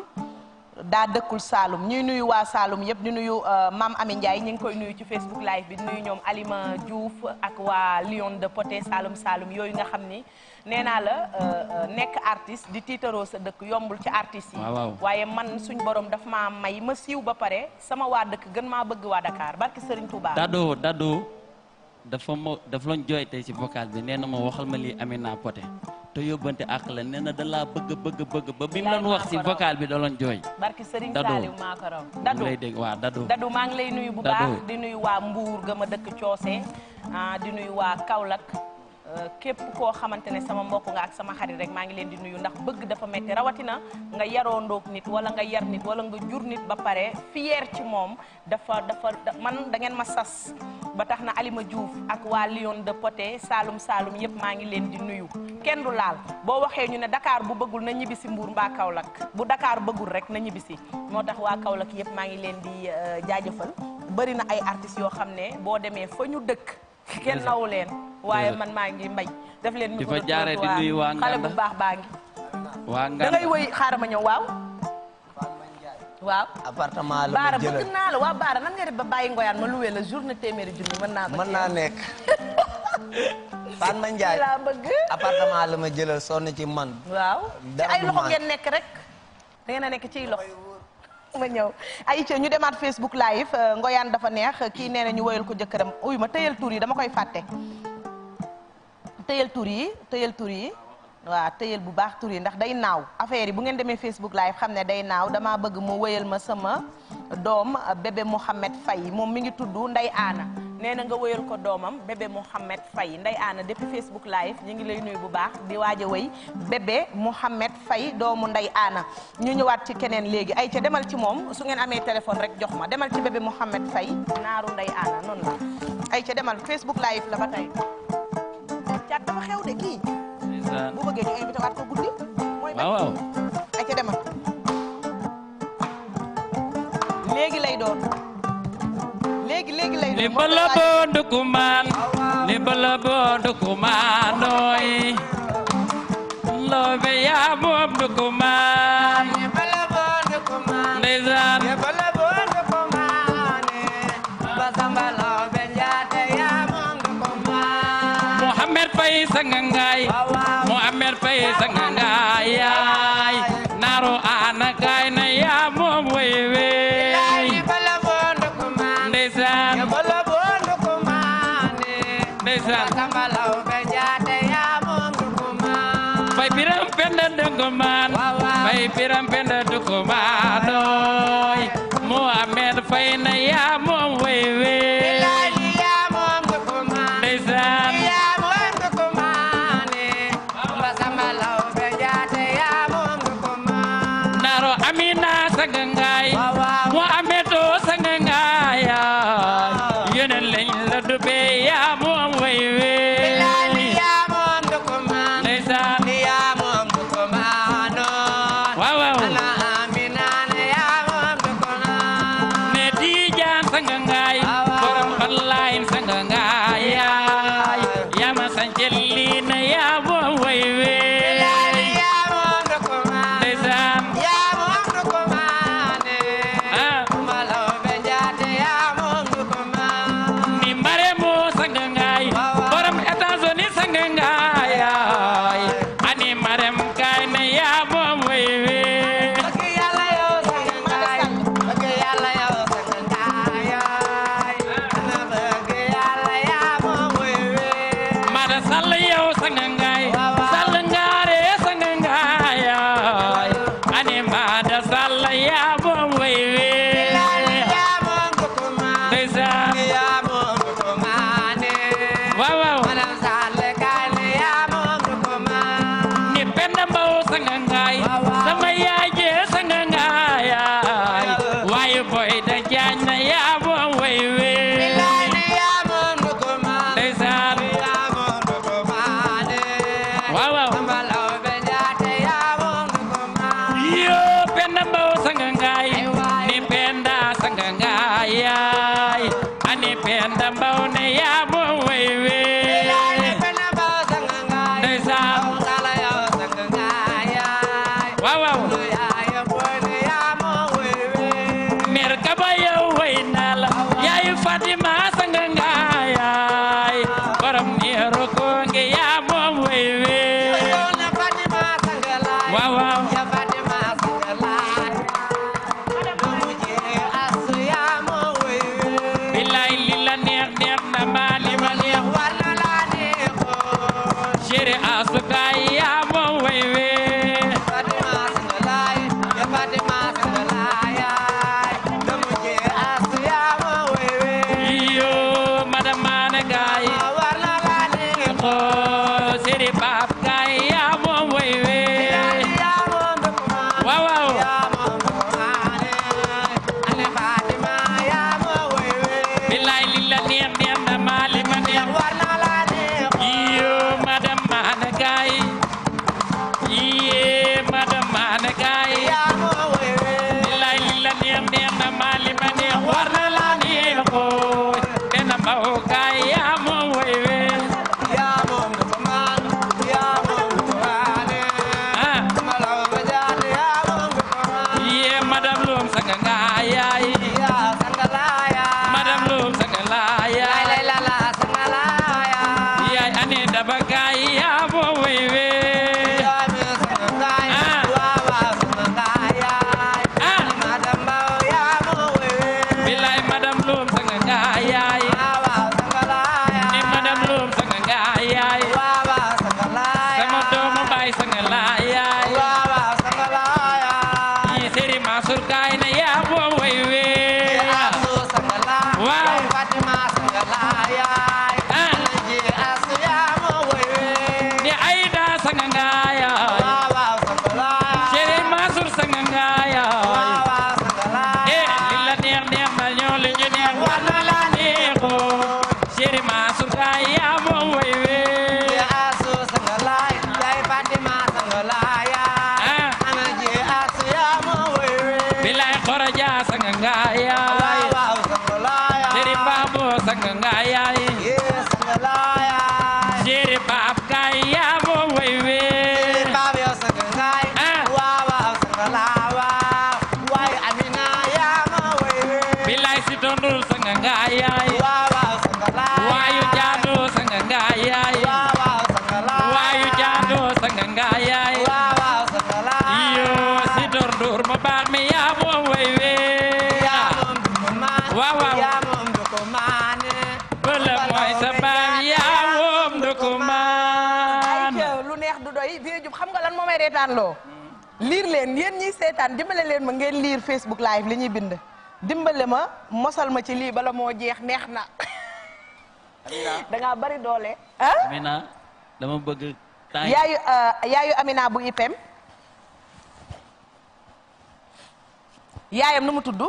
daa dëkkul Saalum ñuy nuyu waa Saalum yëpp ñu nuyu maam Ami Ndiaye ñu ngi koy nuyu ci Facebook live bi nuyu ñoom aliment Diouf ak waa Lion de Poté Saalum Saalum yooyu nga xam ni nee naa la euh, euh, nekk artiste di tiitaroo sa dëkk yombul ci artiste yi waaye man suñ borom dafa maa may ma siiw ba pare sama waa dëkk gën maa bëgg waa Dakar barki Serigne Touba Dado Dado dafa ma dafa lañ jooy tey ci vocal bi nee na ma waxal ma lii Amina Poté te yóbbante àq la nee na da laa bëgg bëgg bëgg ba bi mu doon wax ci vocal bi da doon jooy. barki Serigne Saliou maa ko raw Dado lay dégg waaw Dado Dado maa ngi lay nuyu bu baax di nuyu waa Mbour gëm a dëkk Coose ah, di nuyu waa Kaolack képp koo xamante ne sama mbokk nga ak sama xarit rek maa ngi leen di nuyu ndax bëgg dafa metti rawatina nga yaroo ndoog nit wala nga yar nit wala nga jur nit ba pare fier ci moom dafa dafa man da ngeen ma sas ba tax na Alima Diouf ak waa Lion de Poté Saalum Saalum yëpp maa ngi leen di nuyu kenn du laal boo waxee ñu ne Dakar bu bëggul na ñibbisi Mbuur mbaa Kaolack bu dakaar bëggul rek na ñibbisi moo tax waa Kaolack yëpp maa ngi leen di euh, jaajëfal bëri na ay artistes yoo xam ne boo demee fa ñu dëkk kenn nawu leen waaye man maa ngi mbay def leen micro di fa jaare di nuyu waa Nganda xale bu baax baa ngi waa Nganda woy xaaral ma ñëw waaw waaw la baara bëgg naa baara nan nga def ba bàyyi ngoyaan ma lu luwee la journée téeméeri junni mën naa mën naa nekk Fan ma Ndiaye laa bëgg la ma jëlal sonn ci man waaw ci ay loxo ngeen nekk rek da ngeen nekk ciy loxo ma ñëw ayca ñu demaat Facebook live euh, ngoyaan dafa neex kii nee na ñu woyal ko jëkkëram uy ma tëyal tur yi dama koy fàtte tëyal tur yi tëyal tur yi waa tëyal bu baax tur yi ndax day naaw affaire yi bu ngeen demee Facebook live xam ne day naaw damaa bëgg mu woyal ma sama doom euh, bébé Mouhamed Faye moom mi ngi tudd Ndey Aana nee na nga wëyal ko doomam bébé Mouhamed Faye Ndeye Anna depuis Facebook live ñu ngi lay nuyu bu baax di waaj a wëy bébé Mouhamed Faye doomu ndey aana ñu ñëwaat ci keneen léegi ay ca demal ci moom su ngeen amee téléphone rek jox ma demal ci bébé Mouhamed Faye naaru Ndeye Anna noonu la ay ca demal Facebook live la ba tey caat dafa xew de kii bu bëggee ñu invité waat ko guddi mooy waaw waaw ay ca demal léegi lay doon ni bala boondu kumaan ni bala boondu kumaanooy loobe yaa moom du kumaan ndeysaan Muhammad Faye sangangaay Muhammad Faye sangangaay yaa dukumaan may biram penda dukumaan seetaan loo liir leen yéen ñiy seetaan dimbale leen ma ngeen liir Facebook live li ñuy bind dimbale ma mosal ma ci lii bala moo jeex neex na danga bari doole dama bëgg euh, yaayu Amina bu IPM yaayam nu mu tudd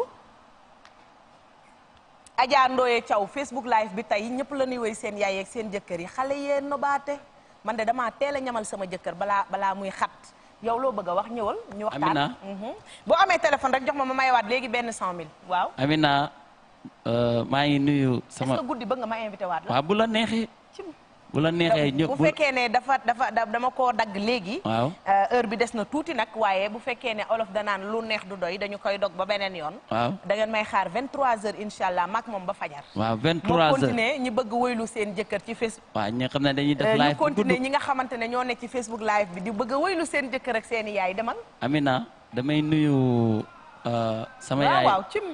Adja caw Thiaw Facebook live bi tey ñëpp la nuy woy seen yaay ak seen jëkkër yi xale yee nobaate man de damaa teel a ñamal sama jëkkër balaa balaa muy xat yow loo bëgg a wax ñëwal ñu waxtaan Amina mhm. boo amee téléphone rek jox ma ma mayewaat léegi benn 100000 waaw Amina euh, maa ngi nuyu sama est-ce guddi bëgg nga ma invité waat la waaw bu la neexee bu la neexee ñëpp bu fekkee ne dafa dafa dama koo dagg léegi. waaw euh, heure bi des na tuuti nag waaye bu fekkee ne olof danaan lu neex du doy dañu koy dog ba beneen yoon. waaw da ngeen may xaar 23h incha allah maak moom ba fajar. waaw 23h mu continuer ñi bëgg woylu seen jëkkër ci Facebook. waaw ñi nga xam ne dañuy def euh, live bu continuer xamante ne ñoo ne ci Facebook live bi di bëgg a woylu seen jëkkër ak seen yaay demal. Amina damay nuyu euh, sama. yaay cim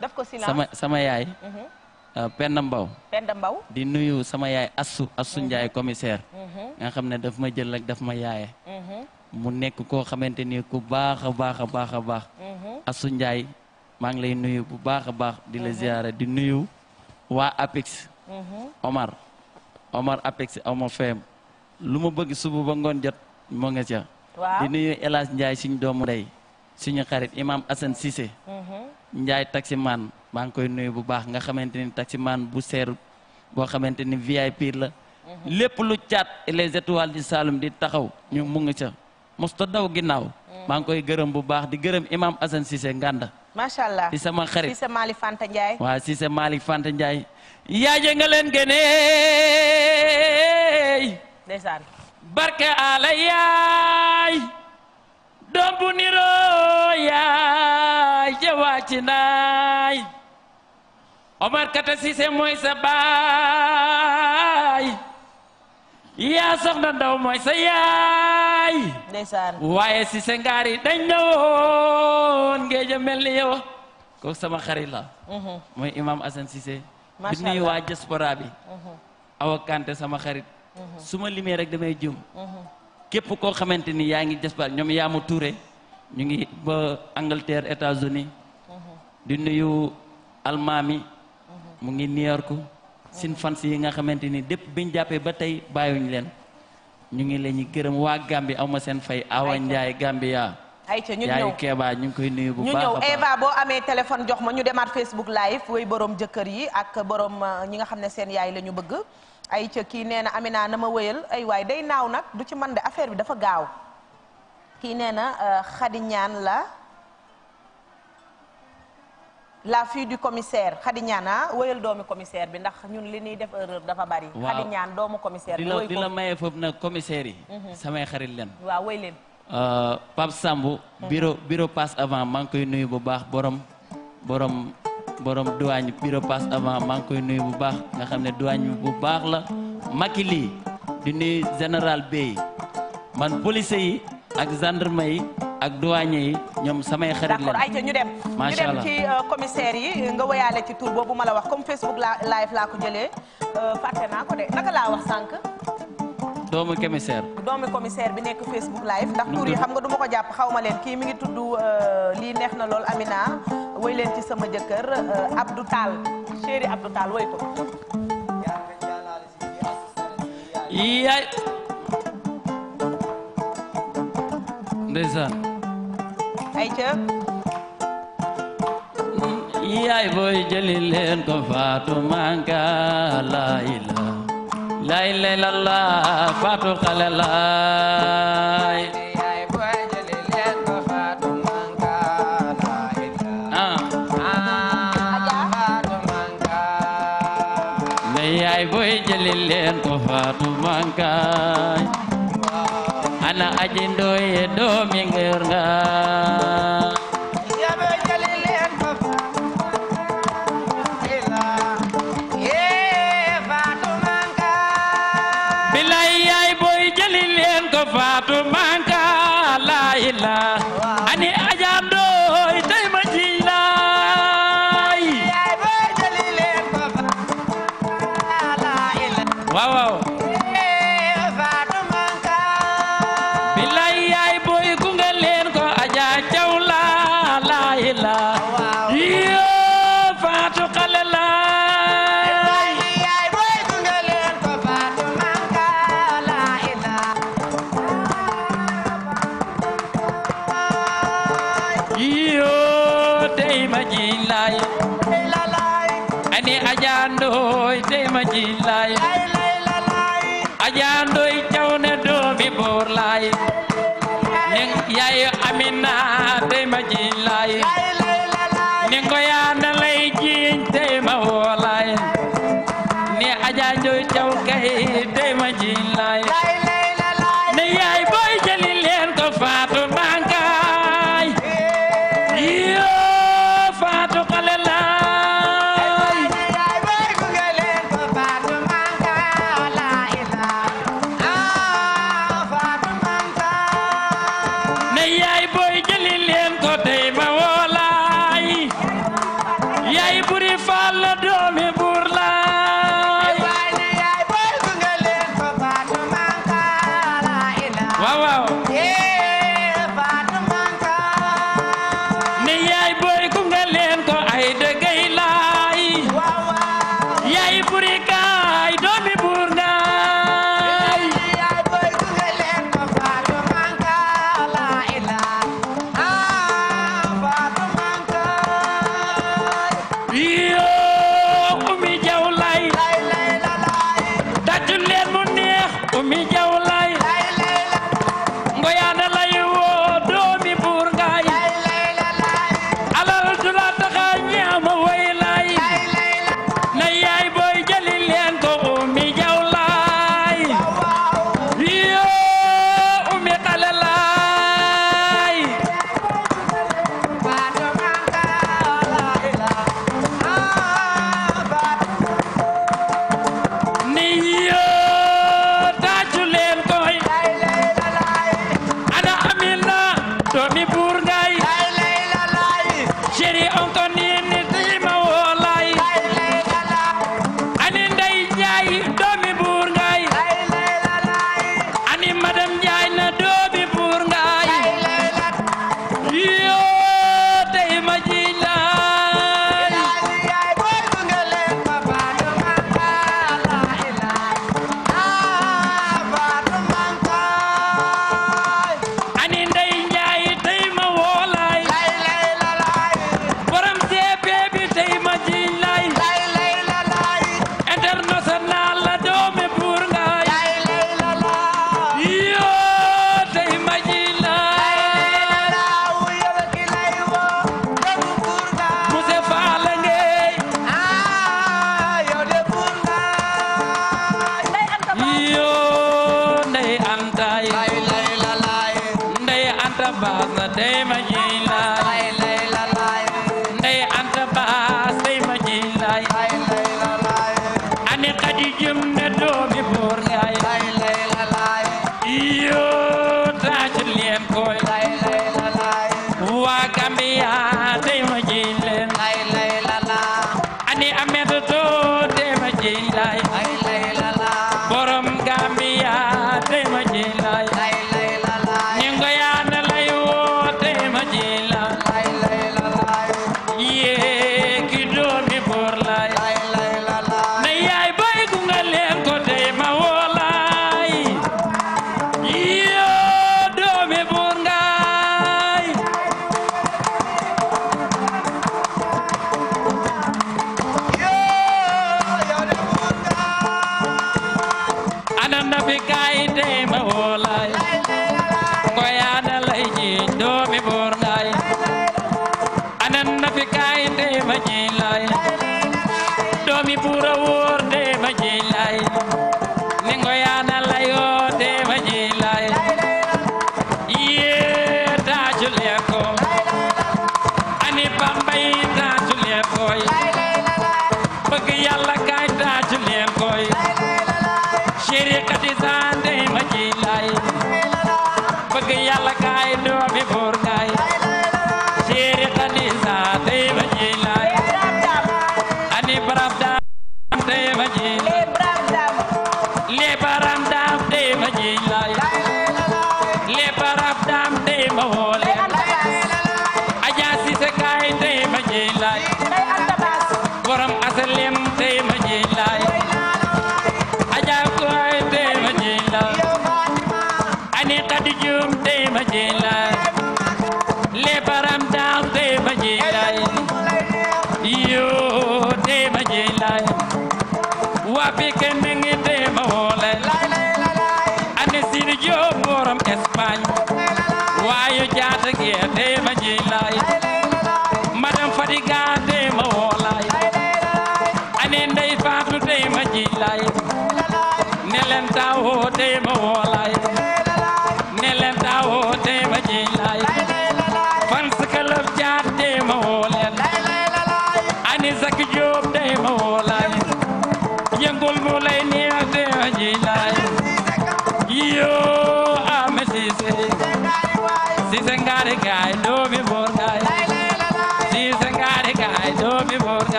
daf ko silence sama sama yaay. Mhm. Euh, Penda Mbaw Mbaw di nuyu sama yaay Assu Assu mm-hmm. Ndiaye commissaire mm-hmm. nga xam ne daf ma jël ak daf ma yaaye mm-hmm. mu nekk koo xamante ni ku baax a baax a baax a baax Assu Ndiaye maa ngi lay nuyu bu baax a baax di la ziyaare di nuyu waa APEX Omar Omar APEX Omar feem lu ma bëgg suba ba ngoon jot moo nga ca di nuyu El Hadj Ndiaye suñu doomu ndey suñu xarit Imam Assane Cissé Ndiaye taximaan maa ngi koy nuyu bu baax nga xamante ni taximaan bu seer boo xamante ni VIP la. Mhm. lépp lu caat les étoiles du Saloum di taxaw ñu mu ngi ca mosta daw ginnaaw. Mhm. maa ngi koy gërëm bu baax di gërëm imam Assane Cissé Nganda. macha allah si sama xarit Cissé Malick Fanta Ndiaye. waaw Cissé Malick Ndiaye. yaaje nga leen gënee. ndeysaan. barke ala yaay. doom bu niroo yaay ja waaci Omar Kata Cissé mooy sa baay yaa soxna ndaw yaay waaye Cissé ngaari dañ ñëwoon mel ni yow kooku sama xarit la mhm. mooy imam Assane Cissé bi nuyu waa diaspora mhm. sama xarit mhm. su ma limee rek damay jum képp koo xamante ni yaa ngi jëspal ñoom yaa mu Touré ñu ngi ba Angleterre États-Unis uh-huh. di nuyu almaami uh-huh. mu ngi New York sin yi nga xamante ni dépp biñ jàppee ba tey bàyyuñ leen ñu ngi leen ñu gërëm waa Gambie aw ma seen fay Awa Ndiaye Gambia ayca ñu ñëw ñu ngi koy nuyu bu baax ñu jox ma ñu demaat Facebook live jëkkër yi ak borom euh, ñi nga xam ne seen yaay lañu bëgg ay ca kii nee na Amina na ma wéyal ay waay day naaw nag du ci man de affaire bi dafa gaaw kii nee na xadi euh, ñaan la la fi du commissaire xadi ñaan ah wéyal doomu commissaire bi ndax ñun li ñuy def erreur dafa bari xadi ñaan doomu commissaire bi di la maye foofu nag commissaire yi mhm. samay xarit leen waa wéy leen euh, Pape Samb mhm. bureau bureau passe avant maa ngi koy nuyu bu baax borom borom duwaañ bureau passe avant maa ngi koy nuyu bu baax nga xam ne duwaañ bu baax la Makili di nuyu général Bey man police yi ak gendarme yi ak douane yi ñoom samay xarit lañ. d'accord ayca ñu dem ñu dem ci euh, commissaire yi nga woyaale ci tur boobu ma la wax comme Facebook live laa ko jëlee euh, fàtte naa ko de naka laa wax sànq. doomu commissaire doomu bi nekk Facebook live ndax tur yi xam nga du ko jàpp xaw leen kii mi ngi tudd euh, lii neex na lool Amina woy leen ci sama jëkkër euh, Abdou Tall chéri Abdou Tall woy ko yaay booy jëli leen ko Fatou Manka la ilaha lay lay la la faatu xale laay yaay booy jëli leen ko faatu mankaay ana aji ndooye doomi ngër ngaay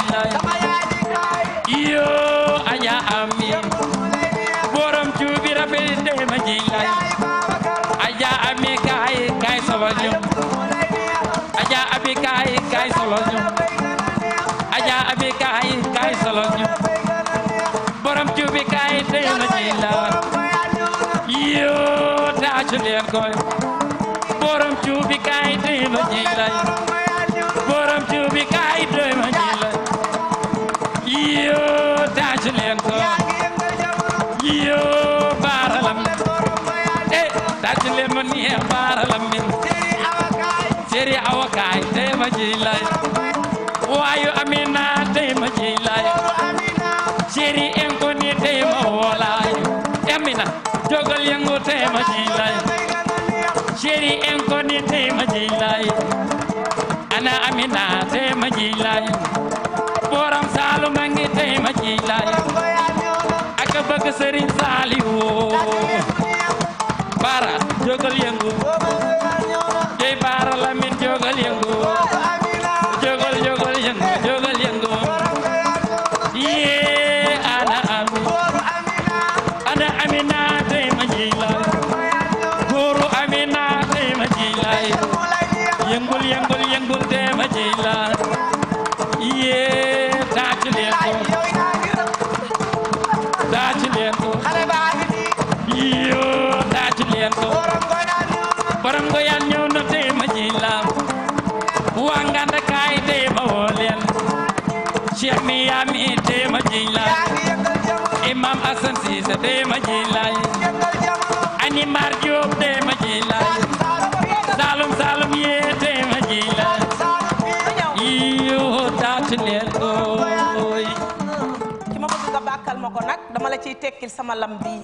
amiin lay waayu amina tey ma jey lay chéri inconnu woo lay amina jogal yëngu tey ma jey lay chéri inconnu tey ma jey lay ana amina tey ma jey lay borom saalum a ngi tey sëriñ saali woo bara jogal yëngu ma ci laay ani mar Jóob tey ma ci laay saalum saalum yee tey ma ci laay yoo taat leer ooy ki ma bëgg nga bàkkal ma ko nag dama la ciy tekkil sama lam bi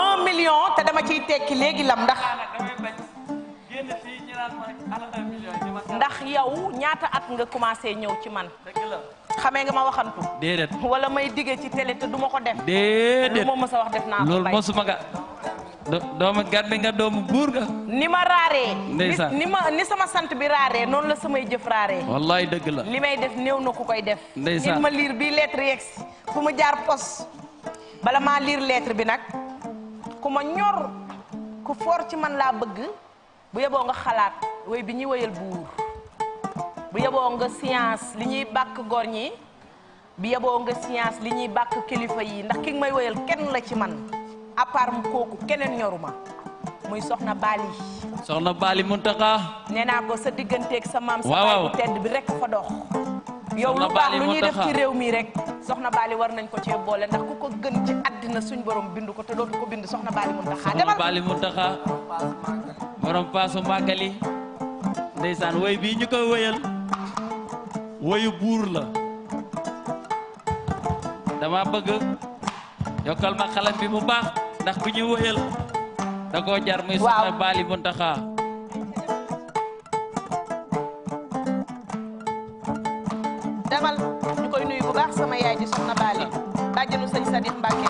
un million te dama ciy tekki léegi lam ndax ndax yow ñaata at nga commencé ñëw ci man dëgg la xamee nga ma waxantu. déedéet wala may diggee ci télé te du ma ko def. déedéet lu ma sa wax def naa ko loolu mosuma nga. doomu gàdde nga doomu buur nga. ni ma raaree. ni ma ni sama sant bi raaree noonu la samay jëf raaree. wallaay dëgg la li may def néew na ku koy def. ndeysaan ma liir bii lettre yeeg si fu ma jaar pos bala maa liir lettre bi nag ku ma ñor ku foor ci man laa bëgg bu yeboo nga xalaat woy bi ñuy woyal buur. bu yeboo nga science li ñuy bàkk gor ñi bu yeboo nga science li ñuy bàkk kilifa yi ndax ki nga may woyal kenn la ci man à part mu kooku keneen ñoruma muy soxna Bali. soxna Bali Mountakha. nee naa ko sa digganteeg sa maam. waaw waaw sa bi rek fa dox. yow lu baax lu ñuy def ci réew mi rek. soxna Bali war nañ ko cee boole ndax ku ko gën ci àddina suñ borom bind ko te dootu ko bind soxna Bali Mountakha. demal soxna Bali Mountakha. borom paasu màggali. ndeysaan woy bii ñu koy woyal. woyu buur la dama bëgg yokkal ma xalam bi mu baax ndax bu ñu woyal da koo jar muy soxna baali buntaxaa demal ñu koy nuyu bu baax sama yaay di soxna baali bàjjenu sëñ Sadikh Mbàkke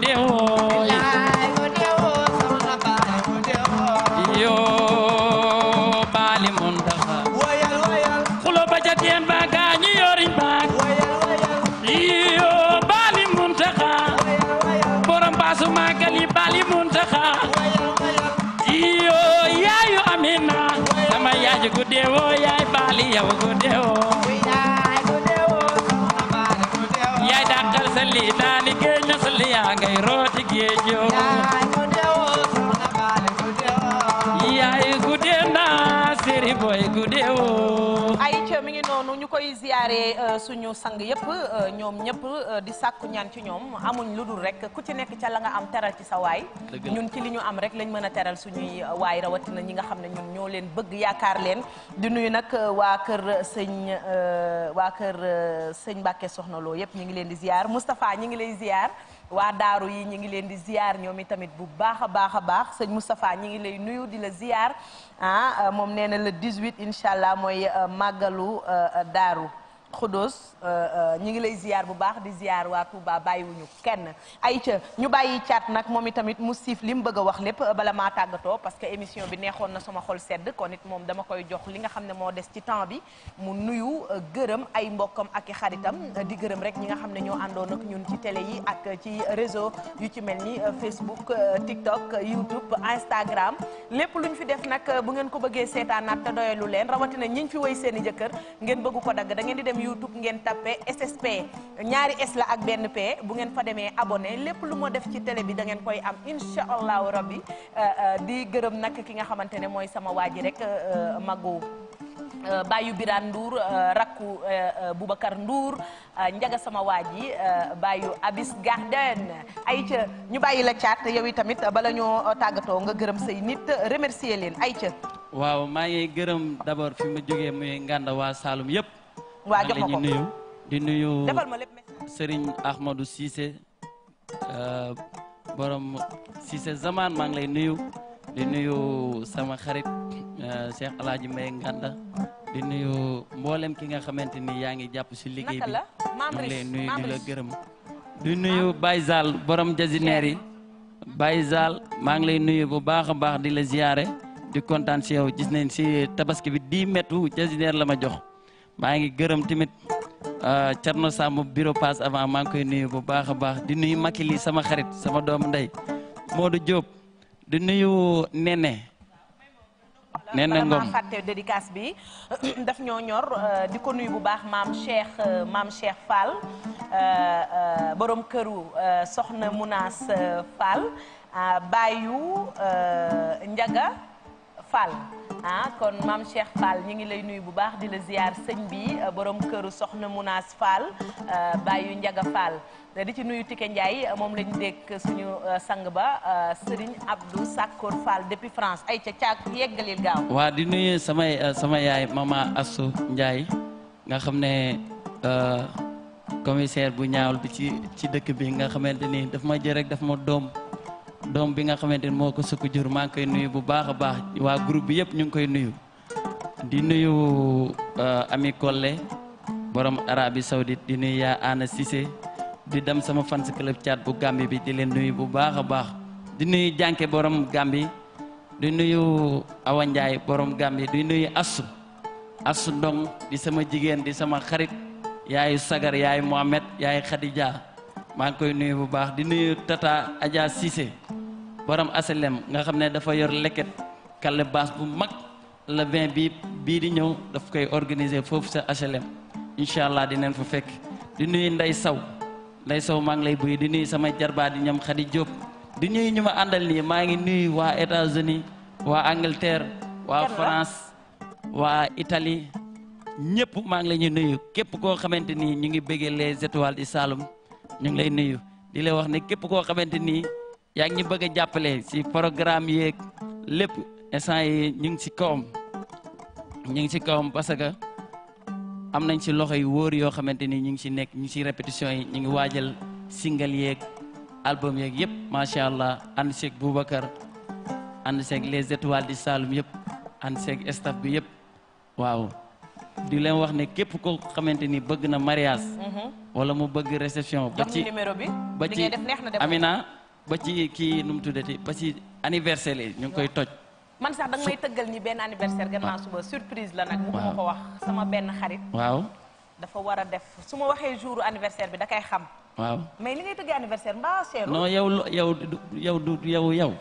deewooy ziare euh, suñu sang yëpp euh, ñoom ñëpp euh, di sàkku ñaan ci ñoom amuñ lu dul rek ku ci nekk ca la nga am teral ci sa waay ñun ci li ñu am rek lañ mën a teral suñuy waay rawatina ñi nga xam ne ñun ñoo leen bëgg yaakaar leen di nuyu nag waa kër sëñ waa kër sëñ Mbàkke Soxna Lo yëpp ñu ngi leen di ziar Moustapha ñi ngi lay ziar waa daaru yi ñi ngi leen di ziar ñoom itamit bu baax a baax a baax sëñ Moustapha ñi ngi lay nuyu di la ziar ah moom nee na le 18 incha allah mooy màggalu daaru Khodos euh, euh, ñi ngi lay ziar bu baax di ziar waa Touba bàyyiwuñu kenn ayca ñu bàyyi caat nag moom itamit mu siif li mu bëgg a wax lépp euh, bala maa tàggatoo parce que émission bi neexoon na sama xol sedd kon it moom dama koy jox li nga xam ne moo des ci temps bi mu nuyu gërëm ay mbokkam ak i xaritam di gërëm rek ñi nga xam ne ñoo àndoon ak ñun ci tele yi ak ci réseau yu ci mel ni Facebook TikTok YouTube Instagram lépp lu ñu fi def nag bu ngeen ko bëggee seetaanaat te doyalu leen rawatina ñiñ seen i jëkkër YouTube ngeen tapé SSP ñaari es la ak benn P bu ngeen fa demee abone lépp lu ma def ci télé bi da ngeen koy am incha allahu rabbi euh, euh, di gërëm nag ki nga xamante ne mooy sama waa ji rek euh, magu Bayou Birane Ndour rakku Boubacar nduur njaga sama waa ji Bayou Abis Garden ayca ñu bàyyi la caat yow tamit bala ñoo tàggatoo nga gërëm sëy nit remercier leen ayca. waaw maa ngi gërëm d'abord fi ma jógee muy ngànda waa Saloum yëpp. waa jox nuyu di nuyu defal ma lépp Serigne Ahmadou Cissé euh, borom Cissé Zaman maa ngi lay nuyu di nuyu sama xarit euh, Cheikh El Hadj Mbaye Nganda di nuyu mboolem ki nga xamante ni yaa ngi jàpp si liggéey bi maa ngi lay nuyu di la gërëm. di nuyu ah. Baye borom jasineer yi Baye Zal maa ngi lay nuyu bu baax a baax di la ziyaare di kontaan si yow gis nañ si tabaski bi 10 mètres jasineer la ma jox. maa ngi gërëm tamit euh, Thierno Samb bureau passe avant maa ngi koy nuyu bu baax a baax di nuyu Makili sama xarit sama doomu ndey Modou Diop di nuyu Nene. Nene Ngom dama fàtte dédicace bi daf ñoo ñor euh, di ko nuyu bu baax maam Cheikh euh, maam Cheikh Fall borom këru soxna Mounas Fall baayu Njaga Fall ah kon maam Cheikh Fall ñu ngi lay nuyu bu baax di la ziar sëñ bi euh, borom këru soxna Munaas Fall euh, bàyyu Njaga Fall euh, di ci nuyu Tike Ndiaye moom lañu dékk suñu sang ba Serigne Abdou Sakkour Fall depuis France ay ca caag yeggalil gaaw. waa di nuy samay sama yaay mama Assou Ndiaye nga xam ne commissaire bu ñaawul bi ci ci dëkk bi nga xamante ni daf ma jël rek daf ma doom. doom bi nga xamante ni moo ko sukk jur maa ngi koy nuyu bu baax a baax waa group bi yëpp ñu ngi koy nuyu di nuyu euh, Ami Collé borom Arabie Saoudite di nuyu yaa Ana Cissé di dem sama fans club Thiat bu Gambie bi di leen nuyu bu baax a baax di nuyu Jànke borom Gambie di nuyu Awa Ndiaye borom Gambie di nuyu Assu Assu Ndong di sama jigéen di sama xarit yaayu Sagar yaayu Mohamed yaayu Khadija maa ngi koy nuyu bu baax di nuyu Tata Adja Cissé borom aselem nga xam ne dafa yor leket kale baas bu mag le vin bi bii di ñëw daf koy organiser foofu sa HLM incha allah di dinañ fa fekk di nuyu Ndey Saw nday Saw maa ngi lay buy di nuyu sama jarbaa di ñoom Khady Diop di nuyu ñu ma àndal nii maa ngi nuyu waa États-Unis waa Angleterre waa France waa Italie ñëpp maa ngi lay ñuy nuyu képp koo xamante nii ñu ngi bëggee les étoiles di Saloum ñu ngi lay nuyu di lay wax ne képp koo xamante ni yaa ngi ñu bëgg jàppale si programme yeeg lépp instant yi ñu ngi si kawam ñu ngi si kawam parce que am nañ si loxo yu wóor yoo xamante ni ñu ngi si nekk ñu ngi répétition yi ñu ngi waajal single yeeg album yeeg yëpp macha allah ànd seeg Boubacar ànd seeg les étoiles du Saloum yëpp ànd seeg staff bi yëpp waaw. di leen wax ne képp ko xamante ni bëgg na mariage. Mhm. wala mu bëgg réception. ba ci ba ci Amina. ba ci kii nu mu tuddati ba ci anniversaire yi ñu ngi koy toj. man sax da nga may tëggal ni benn anniversaire gannaaw suba surprise la nag. waaw ko wax sama benn xarit. waaw. dafa war a def su ma waxee jour anniversaire bi da kay xam. waaw mais li ngay tëggee anniversaire mbaa seeru. non yow du yow yow.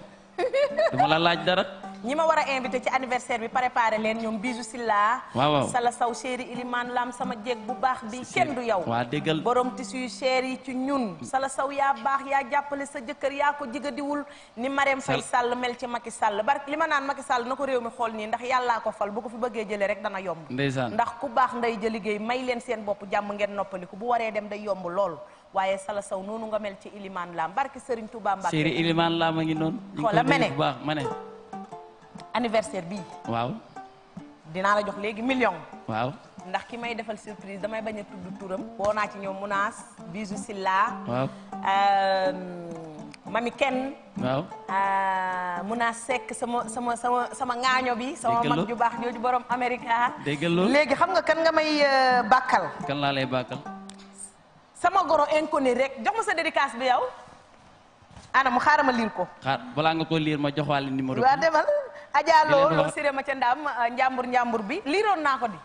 la laaj dara. ñi ma war a invité ci anniversaire bi préparé leen ñoom bisu Silla waaw waaw Sala Saw chéri Iliman Lam sama jéeg bu baax bi kenn du yow waa déggal borom tissu yu cher yi ci ñun Sala Saw yaa baax yaa jàppale sa jëkkër yaa ko jigadiwul ni Marème Faye Sall mel ci Macky Sall bark li ma naan Macky Sall na ko réew mi xool nii ndax yàllaa ko fal bu ko fi bëggee jëlee rek dana yomb ndeysaan ndax ku baax nday jël liggéey may leen seen bopp jàmm ngeen noppaliku bu waree dem day yomb lool waaye sala saw noonu nga mel ci Iliman Lam barki Serigne Touba Mbacke Serigne Iliman Lam a noonu xoolal ma ne baax ma ne anniversaire bi waaw. dinaa la jox léegi million. waaw ndax ki may defal surprise damay bañ a tudd turam. woo naa ci ñoom Munaas Bijou Silla. waaw. Euh, mami kenn. waaw. Euh, Munaas Seck sama sama sama sama ŋaaño bi. sama mag ju baax jooju borom Amerika. léegi xam nga kan nga may euh, bàkkal. kan laa lay bàkkal. sama goro inconnu rek jox ma sa dédicace bi yow. ana mu xaaral ma liir ko. xaar nga ko liir ma jox waale numéro bi. waaw demal. ajaaloo loo siré ma ca ndaam euh, njàmbur njàmbur bi liiroon naa ko di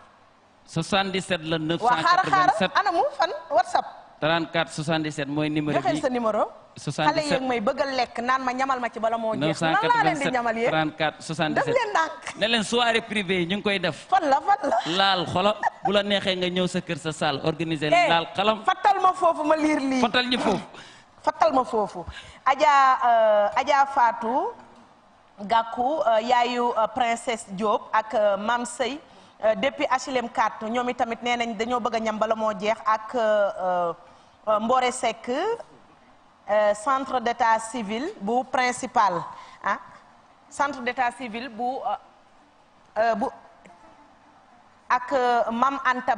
77 la 987 waaw xaaral xaaral anamu fan whatsapp 34 77 mooy numéro bi joxe sa numéro xale yeeg may bëgg a lekk naan ma ñamal ma ci bala moo jeex nan laa leen di ñamal yéen 34 soirée privée ñu koy def fan la fan la laal xolo bu neexee nga ñëw sa kër sa salle organiser eh, laal xalam fattal ma foofu ma liir lii fattal ñi foofu fattal ma foofu Adja euh, Adja gàkku euh, yaayu euh, princesse Diop ak euh, Mame Sey depuis HLM 4 ñoom tamit nee nañ dañoo bëgg a ñam bala moo jeex ak Mbore Seck centre d'état civil bu principal ah centre d'état civil bu bu ak Mame Anta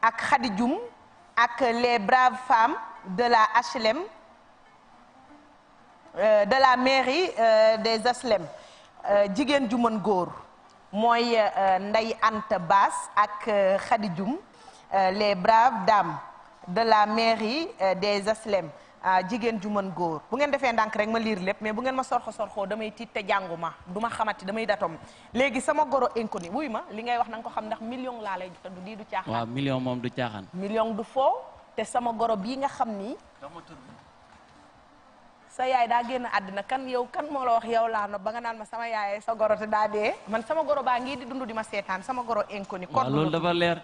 ak Khady ak les braves femmes de la HLM. Euh, de la mairie euh, des Aslem euh, jigéen ju mën góor mooy Ndeye ant Bass ak Khady Dioum les braves daam de la mairie des Aslem jigéen ju mën góor bu ngeen defee ndànk rek ma liir lépp mais bu ngeen ma sorxo sorxoo damay tiit te jànguma du ma xamati damay datom léegi sama goro inconnu wuy ma li ngay wax na ko xam ndax million laa lay jox du lii du caaxaan. million moom du caaxaan. million du foo te sama goro bii nga xam nii sa yaay daa génn àddina kan yow kan moo la wax yow laa nopp ba nga naan ma sama yaay sa goro te daa dee man sama goro baa ngi di dund di ma seetaan sama goro inconnu waaw loolu dafa leer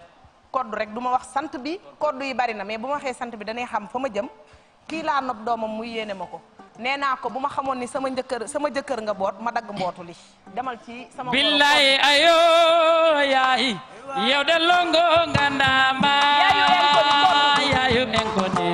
koddu rek du ma wax sant bi koddu yi bari na mais bu ma waxee sant bi danay xam fa ma jëm kii laa nopp doomam mu yéene ma ko nee naa ko bu ma xamoon ni sama njëkkër sama jëkkër nga boot ma dagg mbootu li demal ci sama billaay ayo yaay yow de yaayu inconnu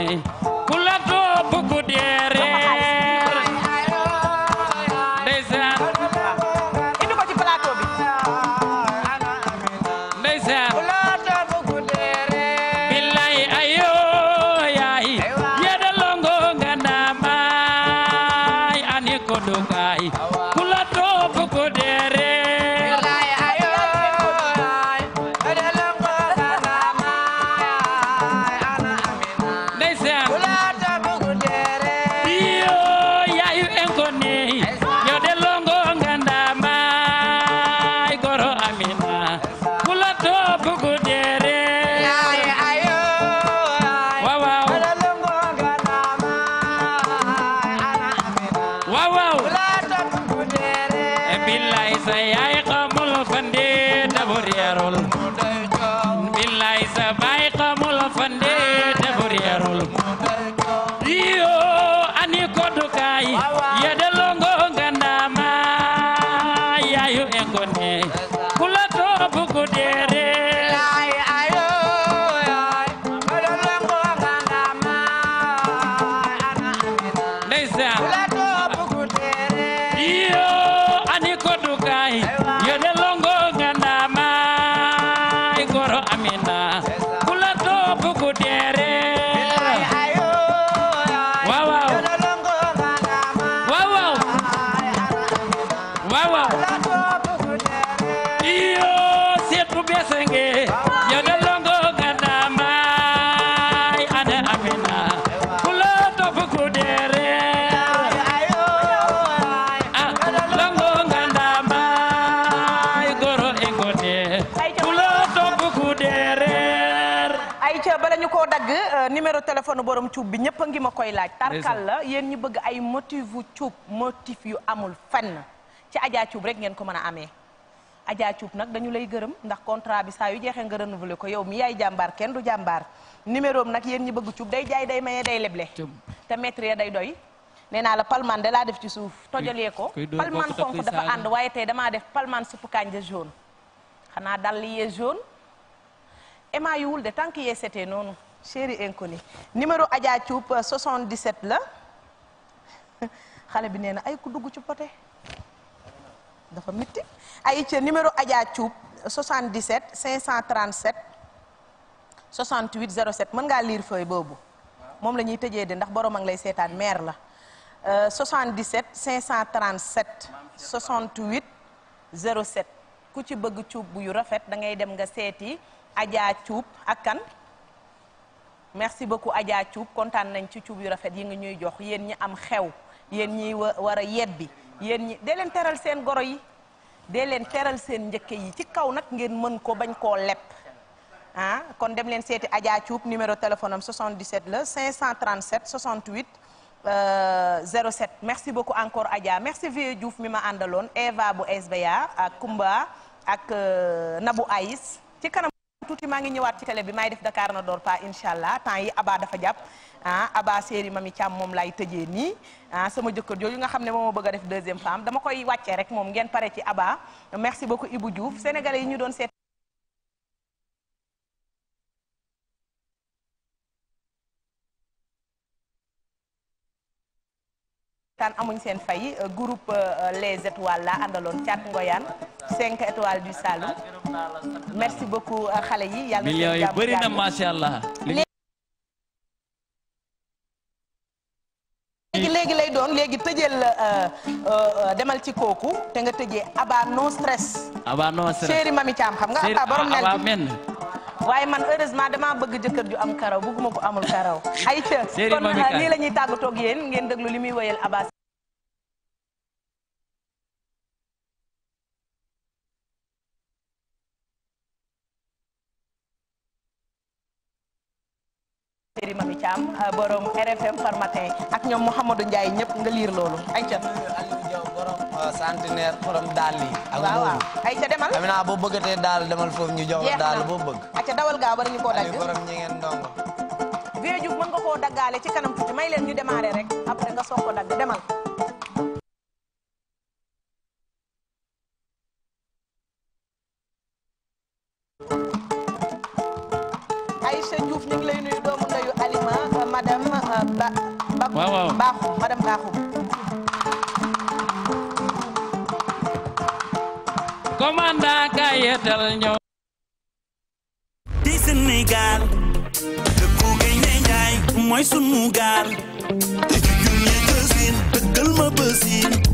téléphone boroom cuub bi ñëpp a ngi ma koy laaj. tarkal la yéen ñi bëgg ay motif yu cuub motif yu amul fenn ci Adja cuub rek ngeen ko mën a amee. Adja cuub nag dañu lay gërëm ndax contrat bi saa yu jeexee nga renouveler ko yow mi yaay jàmbaar kenn du jàmbaar numéro am nag yéen ñi bëgg cuub day jaay day maye day leble. te maître ya day doy. nee naa la palman da laa def ci suuf tojalee ko palman xonk dafa ànd waaye tey dama def palman suppu kanja jaune xanaa dal yee jaune de tant que yee noonu chéri inconnu numéro Adja Thioub 77 euh, la xale bi nee na ay ku dugg ci poté dafa mitti ay ca numéro Adja Thioub 77 537 68 mën ngaa liir feuille boobu moom la ñuy tëjee di ndax borom a ngi lay seetaan maire la 77 537 68 07 ku ci bëgg cuub yu rafet da ngay dem nga seeti Adja Thioub ak kan. merci beaucoup Adja Thioub kontaan nañ ci cuub yu rafet yi nga ñuy jox yéen ñi am xew yéen ñi war a yet bi yéen ñi dee leen teral seen goro yi dee leen teral seen njëkk yi ci kaw nag ngeen mën ko bañ koo lepp ah kon dem leen seeti Adja Thioub numéro téléphone am 77 la 537 68 euh, 07 merci beaucoup encore Adja merci Vieux Diouf mi ma àndaloon Eva bu SBA ak Kumba ak euh, Nabou Aïs ci kanam. tuuti maa ngi ñëwaat ci télé bi maay def Dakar na door pas incha allah temps yi Aba dafa jàpp ah Aba séeri Mami Thiam moom laay tëjee nii ah sama jëkkër jooju nga xam ne moom ma bëgg a def deuxième femme dama koy wàcce rek moom ngeen pare ci Aba merci beaucoup Ibou Diouf sénégalais yi ñu doon seet tan amuñ seen fay euh, groupe euh, les étoiles la àndaloon Thiat Ngoyane 5 étoiles du Saloum beaucoup euh, xale yi yàlla millions yi bëri na léegi léegi lay doon léegi tëjeel demal ci kooku te nga tëjee Aba no stress Aba no stress chéri mami Thiam xam nga Aba borom waaye man heureusement damaa bëgg jëkkër ju am karaw bëgguma ko amul karaw ay ca kon lii lañuy ñuy tàggatoog yéen ngeen déglu li muy woyal Abbas Séri Mami Thiam euh, borom RFM ak ñoom Mouhamadou Ndiaye ñëpp nga liir loolu ay centenaire borom daal yi. ak mbuubu demal. Amina boo bëggatee daal demal foofu ñu jox la daal boo bëgg. ak ca dawal gaaw bari ñu koo dagg. Aliou borom ñi ngeen ndongo. Vieux Diouf mën nga koo daggaale ci kanam tuuti may leen ñu démarrer rek après nga soog ko dagg demal. Aïcha Diouf commandant ka yeetal ñëw di Sénégal dëkku gay ne njaay mooy sunu gaal te jujul ñe ma bësin